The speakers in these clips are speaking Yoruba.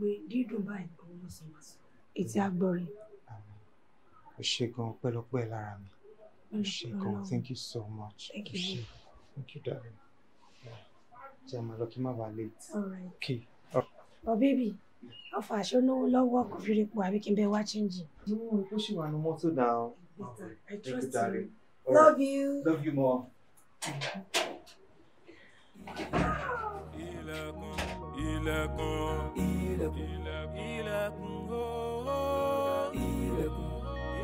pé dídùn báyìí kò wọ́n sọ wá sọ ètí agbọ́rin. o ṣe gan pẹ́lọpẹ́ lára mi o ṣe gan thank you so much thank you ṣe thank you darling ṣe máa lọ kí n má bàa late. okay. ọ bébì ọfà àṣọnáwó lọ́wọ́ kò fi repo àbí kí n bẹ wá chíńjì. ó ṣì wà ní mọ́tò náà. thank you love you. love you more. ilẹ̀kùn ilẹ̀kùn ilẹ̀kùn ilẹ̀kùn ooo ilẹ̀kùn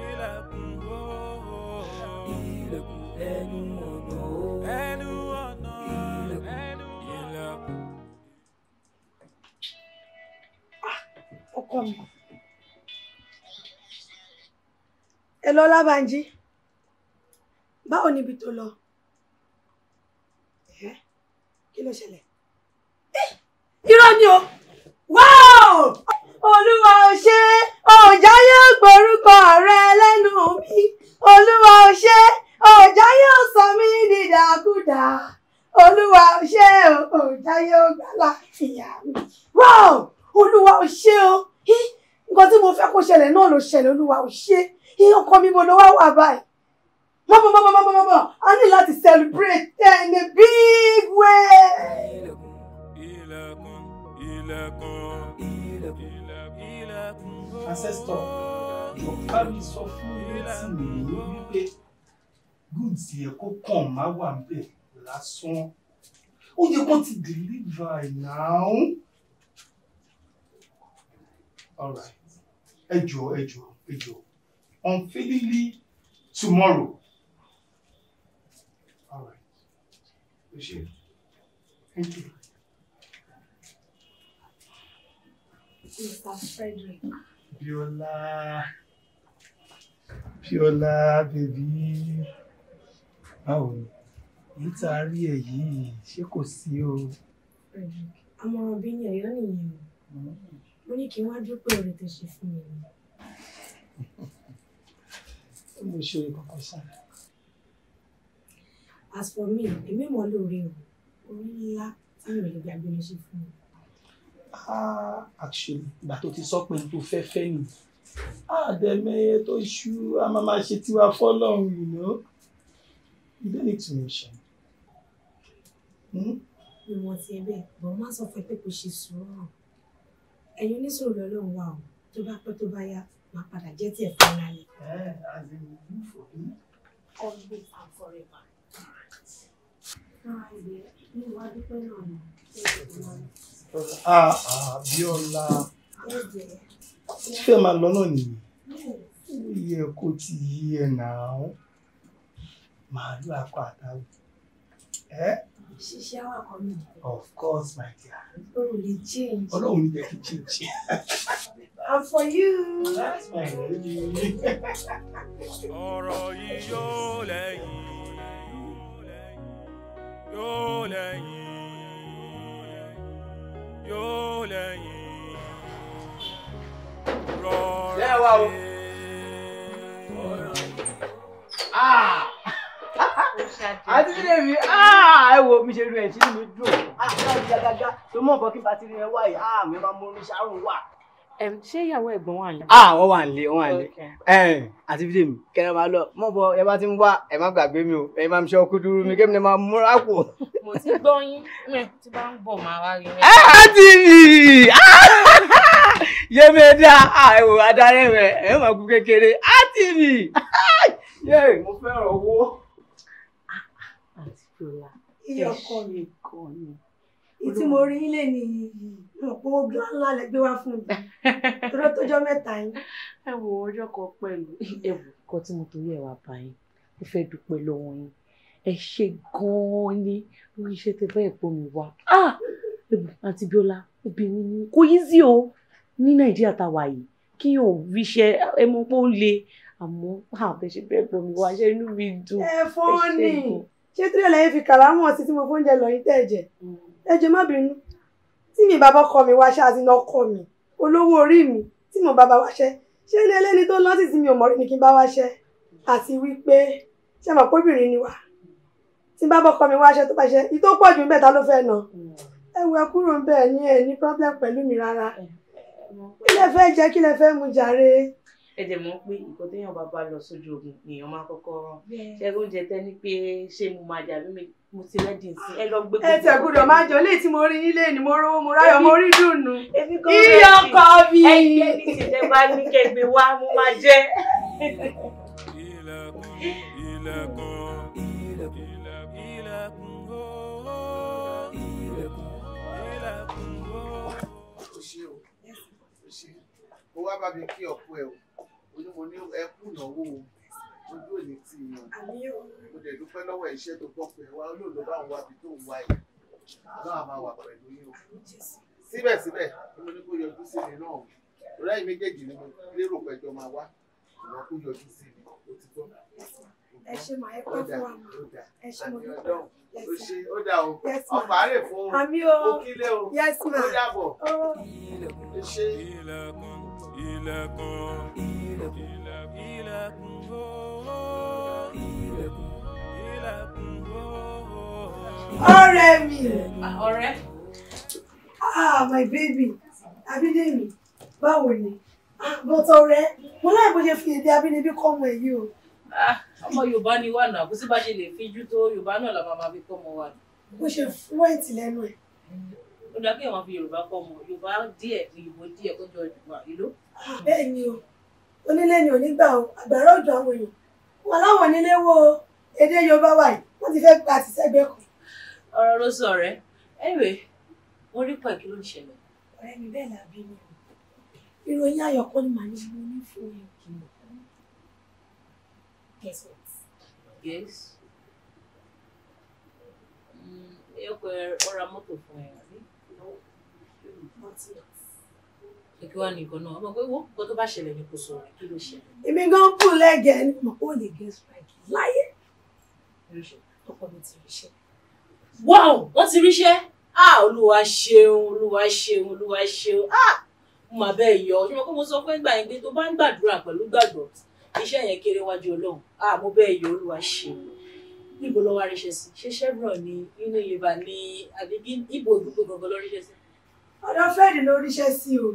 ilẹ̀kùn ooo ilẹ̀kùn ẹnu ọ̀nà ooo ẹnu ọ̀nà ẹnu ilẹ̀kùn. Ah, ọkọ mi ẹ lọ lábàájí báwo níbi tó lọ kí ló ṣẹlẹ̀ irọ́ ni o wáò olúwa ò ṣe ọ̀já yóò gborúkọ rẹ lẹ́nu mi olúwa ò ṣe ọ̀já yóò sọ mí dìdàkudà olúwa ò ṣe ọ̀já yóò gbà láfìyà mi wáò olúwa ò ṣe o nǹkan tí mo fẹ́ kó ṣẹlẹ̀ náà ló ṣẹlẹ̀ olúwa ò ṣe ọkọ mi mo lọ wá wà báyìí mọ́mọ́mọ́mọ́mọ́mọ́ a ní láti celebrate in a big way ilẹ̀kùn ilẹ̀kùn ancestor bá mi sọ fún létí mi wípé goods yẹ kó kàn má wà níbẹ̀ lásán ó yẹ kó ti deliver now alright ẹ jọ̀ọ́ ẹ jọ̀ọ́ tomorrow. All right. tomorrow alright thank you. Mr. Frederick. Biola. Biola, baby. Báwo ni? Èyí tá a rí ẹ yìí, ṣé kò sí o? Àmọ̀ràn bí ni ẹ̀yọ́ nìyẹn o. Mo ní kí n wá dúpẹ́ rẹ̀ tó ṣe fún mi. Mo ṣe kọ̀kọ̀ sára. As for me, èmi mọ̀ lóore o. Orí ńlá táwọn èèyàn gbàgbé ló ṣe fún mi ah actually ìgbà tó ti sọ pé tó fẹ́ fẹ́ nì àdẹ̀mẹyẹ ah, tó ṣú a máa máa ṣe tiwa fọlọ́run you know you don't need to mention. Hmm? ìwọ̀n ti ẹ bẹ́ẹ̀ bọ̀ má sọ fún ẹ pé kò ṣe sùúrù ẹ̀yin oníṣòro ọlọ́run wà ó tó bá pẹ́ tó bá yá máa padà jẹ́ tiẹ̀ fún ara rẹ̀. ẹ eh, as in you for me. always and forever. ṣáà ìgbẹ́ ní ìwádìí pẹ́ náà ni Ah, ah, Abíọ́lá ṣé máa lọ náà nìyí ó yẹ kó ti yí ẹ náà màálù akọ àtàwọ ẹ. ṣiṣẹ́ wà kọ́ mi. of course my dear. olóhùn lè change. olóhùn lè kí change. and for you. that's my baby. ọ̀rọ̀ yìí yóò lẹ́yìn. wa o. Ah! àti bí lèmi ah! ẹ wo mi ṣe rí ẹ tí mi dùn láti gàgàgà tó mọ nǹkan kí n bá ti rí ẹ wá yìí àmì ah, bá mú oríṣi àrùn wà. ṣé ìyàwó ẹ̀gbọ́n wà ní. wọ́n wà nílé wọ́n wà nílé àti bí lèmi kẹrẹ máa lọ mọ̀ bọ ẹ bá ti ń wá ẹ má gbàgbé mi o ẹ má ṣe ọkú dúró mi kẹ́mi ni máa múra kù. mo ti gbọ́ yín mi ti bá ń bọ̀ máa wá rí mi. ẹ á ti rí i yémédà àìwò adarí rẹ ẹ máa kú kékeré ATV yé mo fẹ́ràn owó. àti fúlà ìyọkọ mi kọ ni ìtí mo rí ilé ni ọ̀pọ̀ ogun ńlá lẹ gbé wá fún mi tọ́jọ́ tọ́jọ́ mẹ́ta yín. ẹ wo ọjọ́ kan pẹ̀lú ẹ̀wù kan tí mo torí ẹ̀ bá yín mo fẹ́ dúpẹ́ lọ́wọ́ yín ẹ ṣe gan-an ni lórí iṣẹ́ tẹ fẹ́ ẹ̀pọ̀ mi wá. Ah! ẹ̀bùn àti biola. obìnrin ni kò yí sí o ní nàìjíríà tá a wà yìí kí yóò rí iṣẹ́ ẹ mọ̀ pé ó le àmọ́ àbẹ ṣe bẹ́ẹ̀ gbọ́ mi wá ṣe inú mi dùn. ẹ fọ́n ni ṣé tí ìrẹ̀lẹ̀ yẹn fi kàlámù ọ̀sìn tí mo fóúnjẹ lọ yín tẹ̀jẹ̀ mm. ẹ̀jẹ̀ má bínú tí mi bàbá ọkọ mi wáṣẹ́ àti iná ọkọ mi olówó orí mi tí mo bàbá wáṣẹ́ ṣé ní ẹlẹ́ni tó lọ́sì tí mi ò mọ̀rí ni kí n bá wáṣẹ́ àti wípé ṣé mọ̀ póbìnrin ni wà tí bàbá ọkọ mi wáṣẹ́ tó bá ṣe ìtó pọ̀ jù ń bẹ̀ ta ló fẹ́ nà mm. ẹ wẹ ń bẹ̀ ní ẹ ní problem pẹ̀lú mi kí lẹ fẹ́ jẹ kí lẹ fẹ́ mu jàre. ẹ jẹ́ mọ̀ pé nǹkan téèyàn bá bá lọ sójú ogun èèyàn máa kọ́kọ́ rán ṣe oúnjẹ tẹ ní pé ṣé mo máa jà bí mo ti rẹ́dì sí ẹ lọ gbé. ẹ tẹ gbọ́dọ̀ máa jọ léè tí mo rí nílé ni mo rówó mo ráyọ̀ mo rí dùnú. iyọ̀ kọ mi. ẹ jẹ́ ní ìṣẹ̀lẹ̀ bá ní kẹgbẹ́ wá mo máa jẹ́. ilẹ̀kùn ilẹ̀kùn. wá bá kí ọkọ ẹ o onímọ̀ ní ẹ kùnàwó o ojú ò ní tì í mo dẹ̀ dúpẹ́ lọ́wọ́ iṣẹ́ tó gbọ́ pé wa olóòlò bá ń wá ibi tó ń wá yìí náà máa wà pẹ̀lú yín o síbẹ̀síbẹ̀ mo ní kó yọjú sí mi náà rẹ́ ẹ̀ méjèèjì ni mo lérò pẹ̀jọ máa wá ìwọ kó yọjú sí mi o ti gbọ́ ẹ ṣe máa ẹ pẹ́ fún wa ẹ ṣe mo dúpẹ́ o ṣe ó dà o ọkọ àárẹ̀ fún o òkílẹ̀ o ó dàbọ̀ oh. ẹ ṣe ilẹ̀kùn ilẹ̀kùn ilẹ̀kùn ooo oh, oh. ilẹ̀kùn ilẹ̀kùn ooo. Oh, ọ̀rẹ́ mi. Ah, ọ̀rẹ́. ah my baby abídèmí báwo ni bọ́tọ̀ ah, rẹ mo láì bó ṣe fi èdè abínibí kọ́ ọmọ èyí o. Ah, ọmọ yorùbá ni wà náà kó sì bá ṣe lè fi jú tó yorùbá náà làwọn máa fi kọ́ ọmọ wa. bó ṣe fúwẹ́ǹtì lẹ́nu ẹ̀ ó dá kéèyàn fi yorùbá kọ́ ọmọ yorùbá díẹ̀ òyìnbó díẹ̀ kó jọ ìdùnnà ìlú. Ah, bẹ́ẹ̀ ni o onílé ni onígbà o àgbàrá ọ̀dọ̀ àwọn èèyàn wọn láwọn onílé wo èdè yorùbá wà yìí wọ́n ti fẹ́ gba àtìsẹ́gbẹ́ kan. ọ̀rọ̀ ló sọ rẹ̀ ẹ̀wẹ̀ mo rí pẹ̀ kí ló ọ̀rẹ́ mi bẹ́ẹ̀ làbí mi ìròyìn ayọ̀ ni màá ní ní fún ẹ kì í what. guess mm, ẹ ọkọ̀ ọ̀ra mọ́tò fún ẹ àbí kí wàá nìkan náà ọmọ pé wọ́n kó tó bá ṣẹlẹ̀ ní kò sọ̀rọ̀ kí ló ṣẹlẹ̀. èmi gan kú lẹ́gẹ̀ẹ́ ni mo kó lè gé strike láyé. ọkọ mi ti ríṣẹ́. wow wọ́n ti ríṣẹ́ ah olúwa ṣeun olúwa ṣeun olúwa ṣeun ah mo mà bẹ́ẹ̀ yọ ṣé mo kó mo sọ pé gbà yín pé tó bá ń gbàdúrà pẹ̀lú gbàgbọ́ iṣẹ́ yẹn kéré wájú ọlọ́run ah mo bẹ́ẹ̀ yọ olúwa ṣeun níbo ló wá ríṣẹ́ sí ṣé chevron ní unilever ní àbí ibo òdúgbò gangan lọ ríṣẹ́ sí ọ̀dọ̀ fẹ́ẹ̀dì ló ríṣẹ́ sí o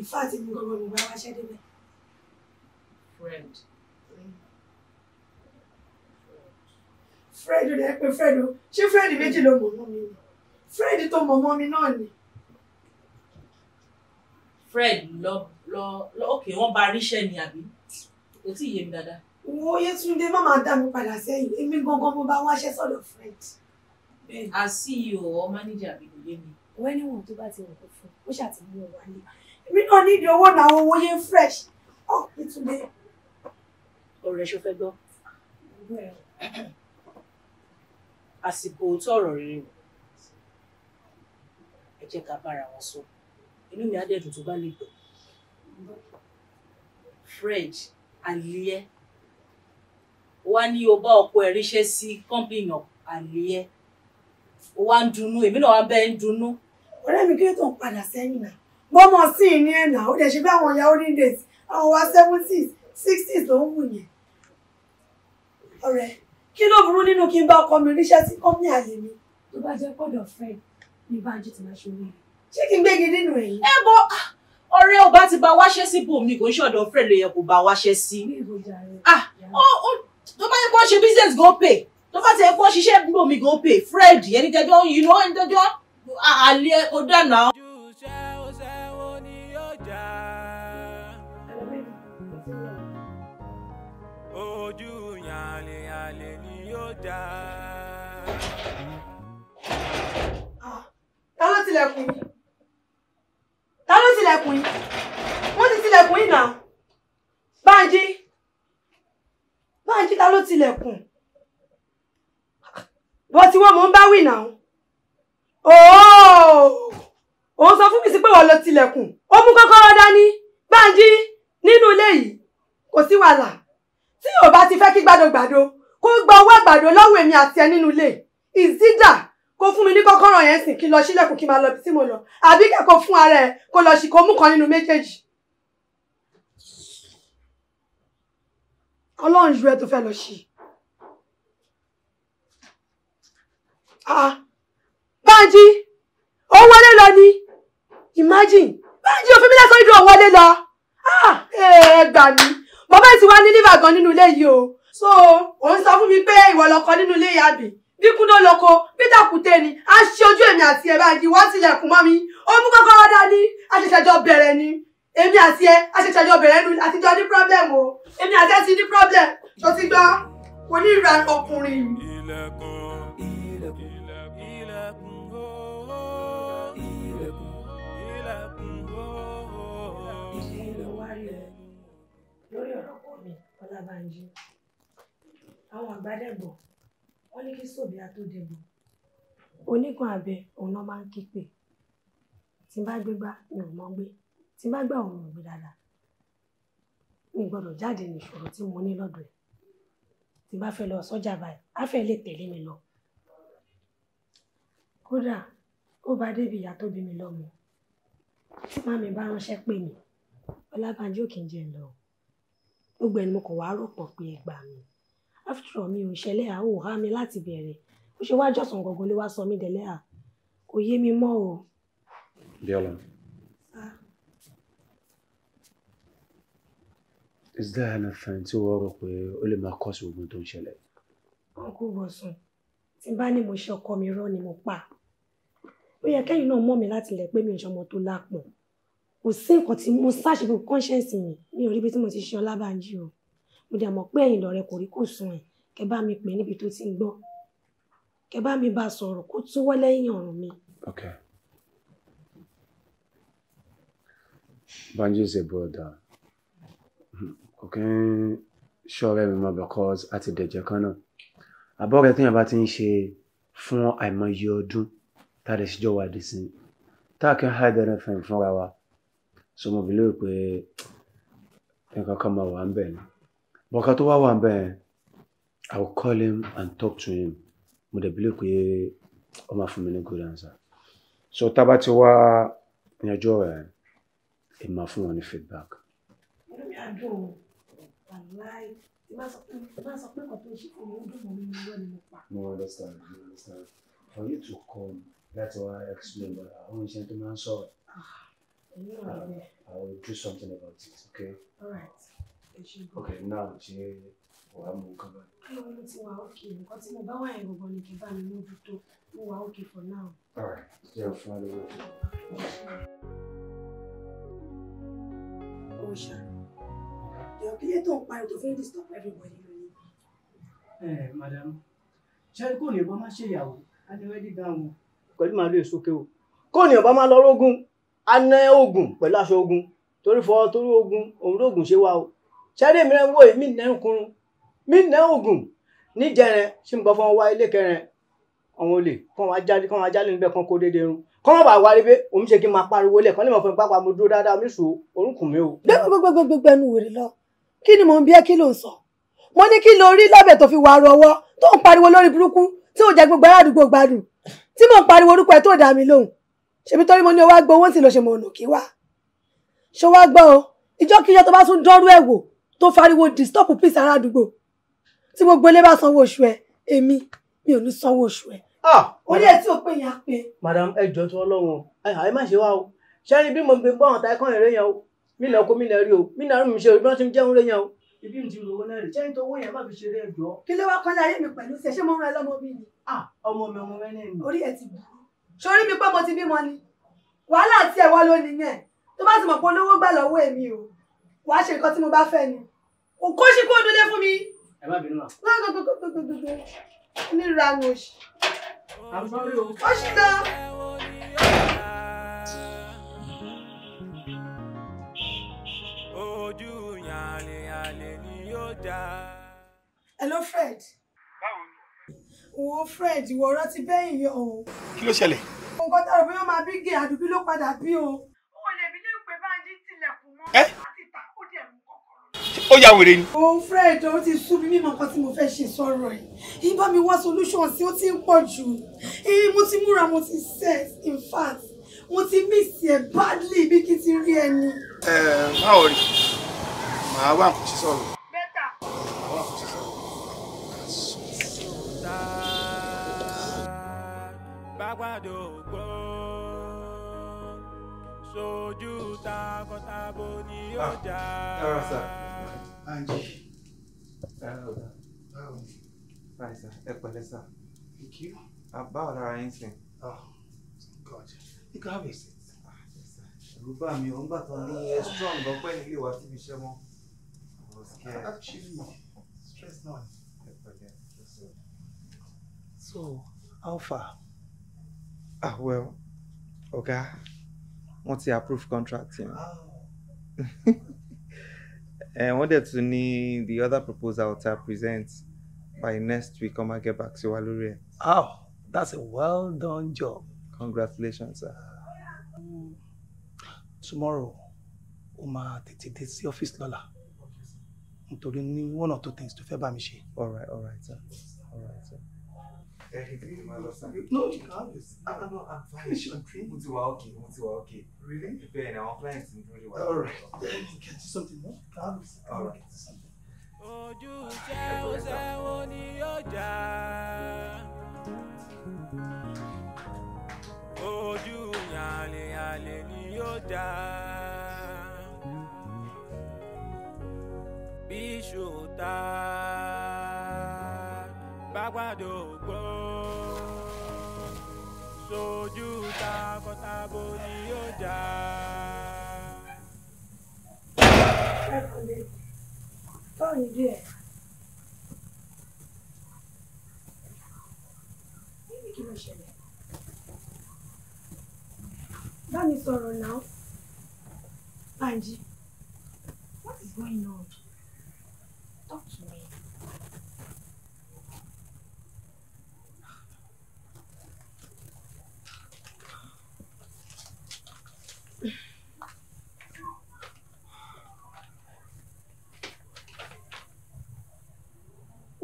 ìfà tí mo gbọ́dọ̀ mo bá wáṣẹ́ débẹ̀. Fred. Fred rẹ̀ pé Fred o ṣé Fred méjì ló mọ̀ mọ́ mi ni Fred tó mọ̀ mọ́ mi náà ni. Fred lọ lọ lọ òkè wọn bá ríṣẹ́ ni àbí kò tí ì yé mi dáadáa. Wo Yétúndé má máa dá mi padà sẹ́yìn èmi gangan mo bá wáṣẹ́ sọ́dọ̀ Fred. As CEO or manager mi kò yé mi wọ́n ní wọn tó bá ti wọ̀kọ̀ fún ó ṣàti mú ọ wálé èmi náà níbi owó làwọn owó yẹn fresh ọ ìtúndé. ọ̀rẹ́ ṣo fẹ́ gbọ́ àsìkò òótọ́ ọ̀rọ̀ rere o ẹ jẹ́ ká bára wọn sọ inú mi á dẹ̀dùn tó bá lè gbọ́ Fred aliẹ wá ní o bá ọkọ ẹ ríṣẹ́ sí kọ́ńpìyàn aliẹ o wá ń dunnú èmi náà wá bẹ́ẹ̀ ń dunnú ọ̀rẹ́ mi kílẹ̀ tó ń padà sẹ́yìn náà bọ́mọ sí i ní ẹ̀nà ó dẹ̀ ṣe bí àwọn ìyàwó ní days àwọn wa seventies sixties ló ń wù yẹn. ọ̀rẹ́ kí ló burú nínú kí n bá ọkọ mi ríṣẹ́ sí kọ́mí àyè mi tó bá jẹ́ pọ̀dọ̀ friend ní báńjú ti máa ṣe orí rẹ̀. ṣé kí n gbégi nínú ẹ̀yìn. ẹ bọ ah, ọ̀rẹ́ ọba ti bá wáṣẹ́ sí bòmí kò ń ṣọ̀dọ̀ friend ló yẹ kó bá wáṣẹ́ sí. Ah, tó bá yẹ kó ṣe business go pay tó bá ti yẹ kó ṣiṣẹ́ bòmí go pay friend ẹni tẹjọ́ yìí ló ẹni tẹjọ́ àlẹ́ kò dànà. ojú yàlè yàlè ni yóò dá. Ah, ta ló tilẹ̀kùn yìí ta ló tilẹ̀kùn yìí wọ́n ti tilẹ̀kùn yìí náà Bánjí Bánjí ta ló tilẹ̀kùn wọ́n wọ́n mò ń bá wí náà òun sọ fún mi sí pé wọ́n lọ tilẹ̀kùn ó mú kọ́kọ́rọ́ dání gbàǹjí nínú ilé yìí kò sí wàhálà tí yóò bá ti fẹ́ kí gbàdógbàdó kó gba owó àgbàdo lọ́wọ́ èmi àti ẹ nínú ilé ìzídà kó fún mi ní kọ́kọ́rọ́ yẹn sìn kí lọ sílẹ̀kùn kí máa lọ bí tí mo lọ àbí kẹ́kọ̀ọ́ fún ara ẹ kó lọ sí kó mú kan nínú méjèèjì. ọlọ́run ju ẹ tó fẹ́ lọ sí i. Ah. Bánjí ó wọlé lọ ni imagine Bánjí òfin mi lẹ́sọ̀ ìdúró wọlé lọ ẹ ah, eh, gbà mí bàbá ti wá ní liver gan nínú ilé yìí o so òun sọ fún mi pé ìwọ lọkọ nínú ilé yìí àbí bí kúndó lọkọ peter kùté ni a ṣe ojú èmi àti ẹ Bánjí wá tilẹ̀kùn mọ́ mi ó mú kọ́kọ́rọ́ dání a ṣẹ̀ṣẹ̀ jọ bẹ̀rẹ̀ ni èmi àti ẹ a ṣẹ̀ṣẹ̀ jọ bẹ̀rẹ̀ nu àti jọ ní problem o èmi àti ẹ ti ní problem tó ti gbọ́ oníran ọkùnrin yìí. Bánjí àwọn àgbà dẹ̀bọ̀ wọ́n ní kí sòbíà tó dẹ̀bọ̀ onígun abẹ òun náà máa ń kí pé tí n bá gbégbá mi ò mọ gbé tí n bá gbà òun ò gbé dáadáa mi gbọ́dọ̀ jáde nìṣòro tí mo ní lọ́dọ̀ ẹ̀ tí n bá fẹ́ lọ sọ́jà báyìí á fẹ́ lè tẹ̀lé mi lọ kódà ó bá débi ìyá tó bí mi lọ́mọ tí màmí bá ránṣẹ́ pè mí Ọlábánjí kì í jẹ́ ń lọ gbogbo ẹni mo kàn wá rò pọ̀ pé ẹ gbà mí after all mi ò ṣẹlẹ̀ àwò há mi láti bẹ̀rẹ̀ ó ṣe wáá jọ̀sán gangan ló wá sọ mí dẹ̀lẹ́ à kò yé mi mọ́ o. Biola. Is there anything tí wọ́n rò pé ó lè máa kọ́ sí ogun tó ń ṣẹlẹ̀? Wọ́n kú Bọ̀sùn. Tí bá ní mo ṣe ọkọ mi rán ni mo pa. Ó yẹ kẹ́yìn náà mọ̀ mí láti lẹ̀ pé mi ò ṣọmọ tó lápọ̀n kò sí nǹkan tí mo ṣáàṣì gbogbo conscience mi mi ò rí ibi tí mo ti ṣe Ọlábànjí o mo dẹ̀ mọ̀ pé ẹ̀yin lọ̀rẹ́ kò rí kò sùn ẹ̀ kẹ bá mi pè níbi tó ti ń gbọ́ kẹ bá mi bá a sọ̀rọ̀ kó túwọ́ lẹ́yìn ọ̀rùn mi. Okay. Banji is a brother kò kí ń ṣọ́ọ̀rẹ́ mi mọ́ because a ti dẹ̀jẹ̀ kan náà àbọ̀rẹ́ téèyàn bá ti ń ṣe fún àìmọye ọdún tá a lè ṣíjọ́ wa dì sí tá a kí ń hide anything fúnra wa so mo fi lérò pé nǹkan kan máa wà ń bẹ̀ ni bọ́ká tó wá wà ń bẹ̀ I will call him and talk to him mo dẹ̀ believe pé ó máa fún mi ní good answer so tá a bá ti wá yanjú ọ̀rọ̀ yẹn máa fún wọn ní feedback. inú mi mo understand mo understand for you to come that's why I explain but àwọn iṣẹ́ tó máa ń sọ̀rọ̀. Ah. Uh, I'll do something about it, okay? Alright. Okay, now, ṣe wàá mú to come Báwo I want to òkè? Nǹkan tí in the wà yẹn gbọ̀ngàn ni kí bá mi mójútó. Mo wà òkè for now. Alright, ṣe o fún Adéwọ̀. Ó ṣá, yọ̀ kí lè tó ń parí tó fi ń disturb everybody lónìí. Eh, Ẹ madam, ṣé kò ní ọba máa ṣèyàwó? Adéwẹ́dí dáhùn. Pẹ̀lú màálù èso kéwò. Kò ní ọba máa lọ rógún. Ana ná oògùn pẹ̀lú aṣọ ogun torí fọ torí ogun òun lóògùn ṣe wá o ṣẹ́rí mìíràn wò mí nà ń kunu mí nà oògùn níjẹrin tí mo bọ́ fún wa ilé kẹrin àwọn olè kàn wá jáde kàn wá jáde níbẹ̀ kàn kó déédéé run kàn wọ́n wá rí pé òun ṣe kí n máa pariwo lẹ̀ kàn lè mọ̀ fún pápá mo dúró dáadáa mi sùn orúnkún mi o. gbẹgbẹgbẹgbẹgbẹ ẹnu wèrè lọ kí ni mò ń bí ẹ kí ló ń sọ mo ní kí lo rí lábẹ́ tó fi wà rọwọ́ tó ń pariwo lórí burúkú tí ò jẹ́ gbogbo aládùúgbò gbádùn tí mò ń pariwo orúkọ ẹ tó dà mí lóhùn ṣebí torí mo ní o wá gbowó sí ló ṣe mo nù kí wá ṣó wá gbọ́ o ìjọ́kíjọ́ tó bá tún dọ́rú ẹ̀ wò tó fariwo disturb peace ara àdúgbò tí gbogbo ilé bá sanwó oṣù ẹ èmi mi ò ní sanwó oṣù ẹ. orí ah, ẹ tí o pè yẹn á pé. madam ẹ jọ tó Ọlọ́run ẹ má ṣe wá o ṣẹ́ni bí mo ń gbé bọ́ àwọn taikán ẹ̀rẹ́ yẹn o mí lẹ́ kó mí lẹ́ rí o mí lẹ́ rún mi ṣe o bí wọ́n ti ń jẹun rẹ̀ yẹn o ibi mi ti lówó náà rè ṣẹ́ni tó owó yẹn má fi ṣeré ẹ̀jọ́. kí ló wá kọ́lé ayé mi pẹ̀lú ṣe ṣé mo rán ẹ lọ́mọ bí ah, mi. ọmọ mi ọmọ mẹ́rin ni. orí ẹ ti bù sórí mi pé mo ti bímọ ni wàhálà àti ẹ̀wọ́ ló ní yẹn tó bá ti mọ̀ pé olówó gbà lọ́wọ́ èmi o wàá ṣe nǹkan tí mo bá fẹ́ ni kò kó sí kó dúdé fún mi. ẹ má bínú à. gbogbogbogbogbogbogbò níranu òṣì. ó ṣì lọ. ojú yàlẹ̀ yàlẹ̀ ni yóò dáa. hello Fred wo Fred ìwọ ọ̀rọ̀ ti bẹ́yìn yọ o. kí ló ṣẹlẹ̀. nǹkan tó rò bí wọ́n máa bí gé àdùbí ló padà bí o. o lè bí lè pé báńjí tilẹ̀kùn mọ́. ẹ ó ya wèrè ni. o Fred o ti sú mi mímọ nǹkan tí mo fẹ́ ṣe sọ̀rọ̀ ẹ̀ ibà mi wá solution sí ó ti ń pọ̀ jù mo ti múra mo ti set in fact mo ti miss ẹ badly bí kí n ti rí ẹni. ẹ má ò rí màá wá nǹkan ṣe sọ̀rọ̀. àgbàdògbò sojú takọtabo ni yóò já. Anji. Báwo ni? Báyìí sá, ẹ pẹ̀lẹ́ sá. Thank you. Báwo lára yín sìn? Oh, God. You can have a seat. Ah, Ẹ̀rù bá mi, òun gbà tó ní ẹ strong lọ́pẹ́ nílé wa síbi iṣẹ́ mọ́. Actually, stress náà ni. Ẹ pẹ̀lẹ́. So, how far? ah well ọ̀gá wọ́n ti approve contract yẹn eh, wọ́n dẹ̀ tún ní the other proposal ta present by next week ọmọ get back to wa lórí ẹ̀. oh that's a well done job. congratulations sir. Mm. tomorrow o máa tètè dé sí ọ́fíìsì lọ́la nítorí ní one or two things to fẹ́ bá mi ṣe. all right all right sir. Everything in my last time. No, I'm fine. I cannot advise Okay. Mo ti wà okay. Mo ti wà okay. Really? Bẹ́ẹ̀ ni, àwọn clients ń dúró de wa. All right. Then you can do something more. Calm Ojú jẹ́ oṣẹ́ ni yóò jà? Ojú yàlẹ̀yàlẹ̀ ni yóò jà. Bí ṣòta bá gbàdọ̀ sojú takọtabo ni yóò jà. Bá mi sọ̀rọ̀ náà, Banji, what is going on?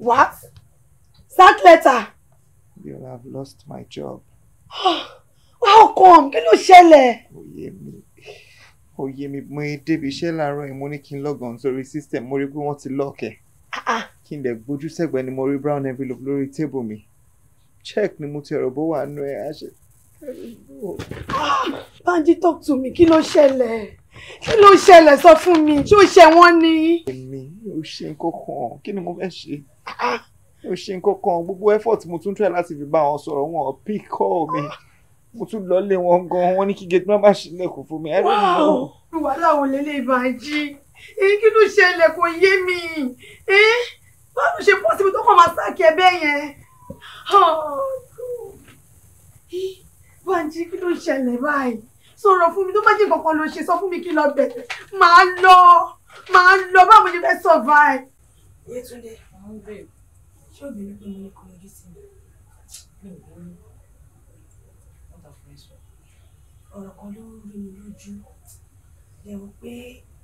What? That letter? You'll have lost my job. How come? Kí ló ṣẹlẹ̀? Oyè mi. Oyè mi mo débi iṣẹ́ láàárọ̀ yìí mo ní kí n log on so system mo rí pé wọ́n ti lock ẹ̀. Ah, ah. Kí n dẹ̀ gbójú sẹ́gbẹ̀ẹ́ ni mo rí brown look lórí table me. Check ni mo ti ọ̀rọ̀ bó wà nú ẹ̀ àṣẹ. Ah, Banji talk to me, kí ló ṣẹlẹ̀? Kí ló ṣẹlẹ̀ sọ fún mi? Ṣé o ṣe wọ́n ni? Èmi ò ṣe nǹkan kan, kí ni mo fẹ́ ṣe? mi ṣe nǹkan kan gbogbo effort mo tún try láti fi bá wọn sọ̀rọ̀ wọn pick mi mo tún lọ lé wọn gan wọn ní kí gate má má ṣílẹ̀kùn fún mi. wáò wàhálà òun lélẹ̀ ìbàjì èyí kí ló ṣẹlẹ̀ kò yé mi báwo ló ṣe pọ́sibú tó kàn máa sáàkì ẹbẹ́ yẹn. Oh, Bàjì kí ló ṣẹlẹ̀ báyìí sọ̀rọ̀ fún mi tó bá jẹ́ kankan ló ṣe sọ fún mi kí lọ bẹ̀rẹ̀ máa lọ máa lọ báwo ni fẹ́ survive àwọn bẹ́ẹ̀ ṣé obìnrin pé mo ní kọ́ ojú sí mi mi ò gbọ́ ní wọ́n tà fún ẹ sọ. ọ̀rọ̀ kan ló rí mi lójú lẹ́wọ̀n pé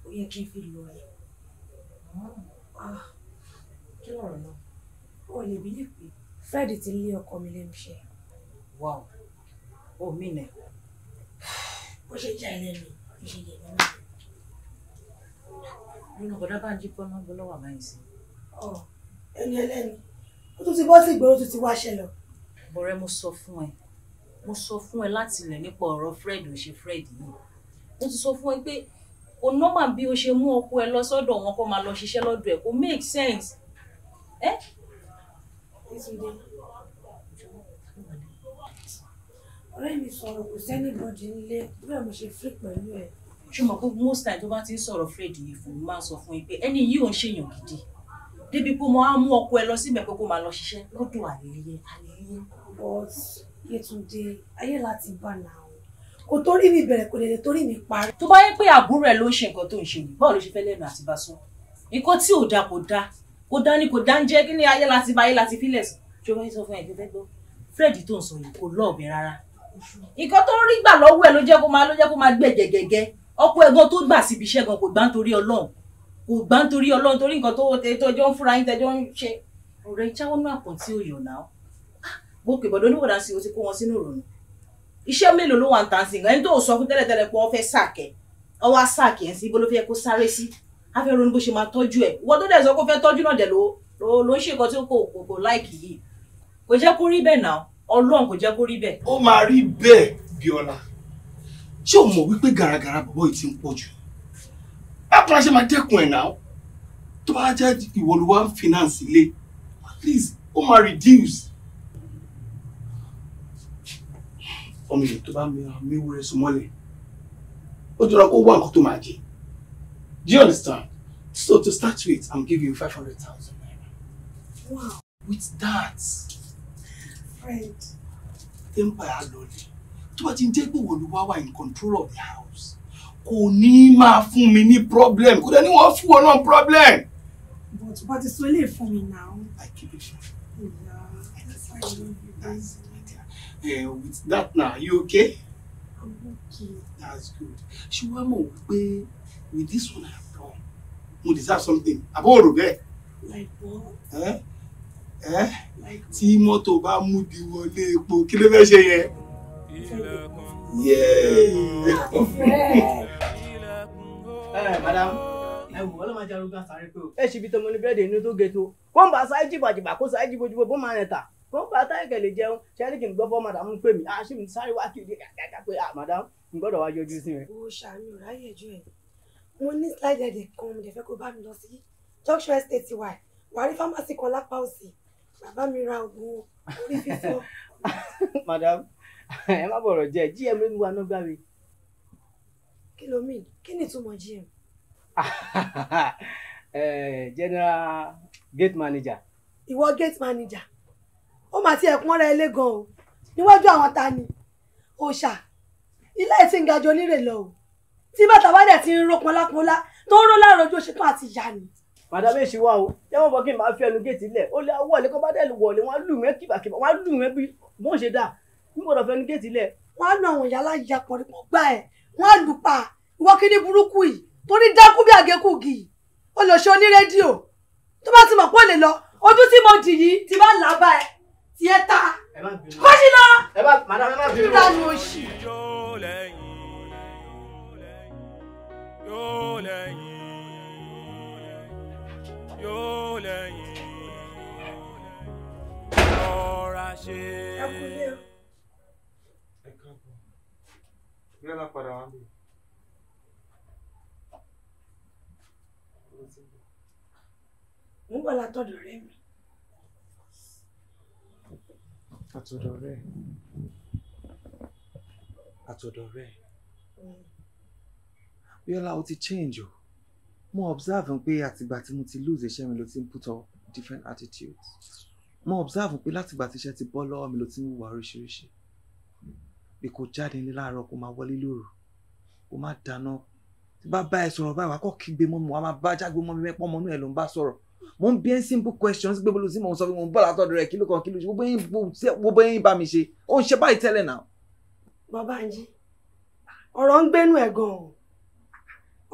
ó yẹ kí n fi lọ ẹ̀. Ah, kí lọ̀rọ̀ náà. o lè bí lè pè Fred ti lé ọkọ mi lẹ́nu iṣẹ́. wow o mi nẹ. bó ṣe jẹ́ ẹlẹ́nu ìṣẹ̀lẹ̀ náà. lónà bọ́dá bá ń jí pọ́nmọ́ gbọ́lọ́wọ́ àmáyé sí. ọ̀ oh ẹni ẹlẹ́ni ó tún ti bọ́ sí ìgboro tó ti wá ṣẹlẹ̀. bọ̀rẹ́ mo sọ fún ẹ mo sọ fún ẹ láti ilẹ̀ nípa ọ̀rọ̀ Fred ò ṣe Fred yìí mo ti sọ fún ẹ pé o nọ́mà bí o ṣe mú ọkọ ẹ lọ sọ́dọ̀ wọn kó máa lọ ṣiṣẹ́ lọ́dọ̀ ẹ kò make sense. ẹ ọ̀rẹ́ mi sọ̀rọ̀ kò sẹ́ni bọ́dì nílé bẹ́ẹ̀ mo ṣe free pẹ̀lú ẹ̀. ṣùgbọ́n gbogbo most time tó bá ti ń sọ̀rọ̀ Fred yìí fún mi máa ń sọ fún yín pé ẹni yìí ò ń ṣèyàn gidi débi pé mo á mú ọkọ ẹ lọ síbẹ̀ pé kó máa lọ ṣiṣẹ́ lọ́dọ̀ àlèyé àlèyé. but Yétúndé ayé láti bá nà ó kò torí mi bẹ̀rẹ̀ kò lè torí mi parí. tó bá yẹ pé àbúrò ẹ ló ń ṣe nǹkan tó ń ṣe yìí báwo ló ṣe fẹ́ lẹ́nu àti bá sọ nǹkan tí ò dáa kò dáa kò dáa ni kò dáa ń jẹ́ kí ni ayé láti bá ayé láti fílẹ̀ sùn tí o bá yẹ sọ fún ẹ̀ fẹ́ gbọ́ Fred tó ń sọ yìí kò lọ́ọ̀bẹ rárá nǹkan tó rí gbà lọ́wọ́ ẹ ló jẹ́ kó máa ló jẹ́ kó máa gbẹ̀jẹ̀gẹ̀gẹ̀ ọkọ ẹ̀gbọ́n tó gbà síbi iṣẹ́ gan kò gbá nítorí Ọlọ́run kò gbá nítorí ọlọ́run torí nǹkan tó tẹjọ́ ń fúnra yín tẹjọ́ ń ṣe ọ̀rẹ́ jáwọ́ náà pọ̀ tí ò yọ̀ náà bó pè bọ́dọ̀ oníwọ̀dà sí o ti kó wọn sínú ìrònú iṣẹ́ mélòó ló wà ń tàn sí nǹkan ẹni tó sọ fún tẹ́lẹ̀tẹ́lẹ̀ pé wọ́n fẹ́ sàkẹ́ ọwọ́ á sàkẹ́ ẹ̀ sí ibo ló fẹ́ kó sáré sí á fẹ́ ronú bó ṣe máa tọ́jú ẹ̀ wọ́n tó dẹ̀ sọ pé ó fẹ́ tọ́jú náà dẹ̀ ló ló ń ṣèkọ́ tí ó kò kò láìkì yìí kò jẹ́ kó rí bẹ́ẹ̀ náà ọlọ́run kò jẹ́ kó rí bẹ́ẹ̀. ó máa rí bẹ́ẹ̀ Bíọ́lá ṣé o mọ̀ wípé gàràgàrà bọ̀bọ̀ yìí ti ń pọ̀ jù I ṣe máa dẹ́kun ẹ̀ now. To bá jẹ́ ìwọlúwa finance ilé at least ó máa reduce. ọmọ èèyàn tó bá mìíràn méwúrẹ́ sùn mọ́lẹ̀ ó jọra kó wá nǹkan tó máa jẹ do you understand so to start with i'm giving you five hundred thousand naira. wow with that. friend. tẹ́ńpà á lọlẹ̀ tó bá ti ń jẹ́ pé ìwọlúwa wà in control of the house kò ní máa fún mi ní problem kò dẹ̀ ní wọ́n fún wọn problem. but but it's only fún mi now. I keep it short. Yeah, eh, with that now, are you okay? I'm okay. That's good. Ṣé wàá mọ̀ wípé with this one I have done, mo deserve something. Àbọ̀ òrò bẹ́ẹ̀. Like what? Eh? Eh? Like what? Tí mọ́tò bá mú di wọlé epo, kí ló fẹ́ ṣe yẹn? Yéé! ẹ eh, eh, madam ẹ eh, wò ọlọ́mọ ajá arúgbó àsáré pé o. ẹ ṣe ibi tọmọ ní búrẹ́dì inú tó gẹ̀tọ́ kó ń bá sáyé jìbàjìbà kó sáyé jìbòjìbò bó máa ń ta kó ń bá táyé kẹlẹ jẹun ṣẹ́ni kì í gbọ́ fọ́ madam pé mi àṣé ah, mi sáré wá kiri kàkàkà pé ah madam n gbọ́dọ̀ wá yọjú sí mi. o ṣàánú ráyè ju ẹ mo ní slide ẹ̀dẹ̀ kan mo dẹ̀ fẹ́ kó bá mi lọ sí junction estate wa wàá rí fámásì kan lápá òsì bàbá mi ra oògùn orí fífọ́. madam ẹ má bọ̀rọ̀ jẹ́ gm ló ń wá nọ́gbà mi kí ló mean kí ni ìtumọ̀ gm. Eh, general gate manager. ìwọ gate manager ó mà ti ẹ̀kún ọ̀rẹ́ ilé gan o níwájú àwọn ta ni òòṣà ilé ẹ̀ ti ń gajọ onírè lọ o tí bàtà bá dẹ̀ ti ń ro pọnlápọnlá tó ń ró láàárọ̀ ojú òṣèpọ̀ àti ìyá ni. màdàmú èsì wa o yẹ́wọ́n bọ́ kí n máa fi ẹnu géètì lẹ̀ ó lé awọ́ ẹ̀lẹ́kọ́ bá dẹ̀ wọlé wọ́n á lù mẹ́ kíbàkíbà wọ́n á lù mẹ́ bí bó ń ṣe dà n gbọ́dọ̀ fẹnu géètì lẹ̀. wọ́n á nà àwọn ìyá láyà pọ̀ nípò gbá ẹ̀ wọ́n á lù pa ìwọ kí ní burúkú yìí torí dákú bí àgékùgì ó lọ ṣe onírédíò tó bá ti mọ̀ pé ó lè lọ ojú tí mo dì yìí ti bá là á bá ẹ ti ẹ ta kó sí lọ kí dání o ṣì. Yóò Yálà padà wá mi. Mo ń bọ̀ látọ̀dọ̀ ọ̀rẹ́ mi. Àtọ̀dọ̀ ọ̀rẹ́. Àtọ̀dọ̀ ọ̀rẹ́. Bíọ́lá o ti change Mo observe pé àtìgbà tí mo ti lose iṣẹ́ mi ló ti put up different attitudes. Mo observe pé látìgbà tí iṣẹ́ ti bọ́ lọ́wọ́ mi ló ti ń wà bí kò jáde ní láàárọ̀ kó máa wọlé lóru kó máa dáná tí bá bá ẹ sọ̀rọ̀ báyìí wà á kọ́ kígbe mọ́ mi wà máa bá jágbe mọ́ mi mẹ́pọ́ mọ́nú ẹ̀ ló ń bá sọ̀rọ̀ mo ń bí ẹ́ simple questions gbé bolo sí mo ń sọ fún mo ń bọ̀ látọ̀dọ̀ rẹ̀ kílò kan kílò ṣe gbogbo yín bá mi ṣe ó ń ṣe báyìí tẹ́lẹ̀ náà. bàbá yín ọ̀rọ̀ ń gbénu ẹ̀ gan-an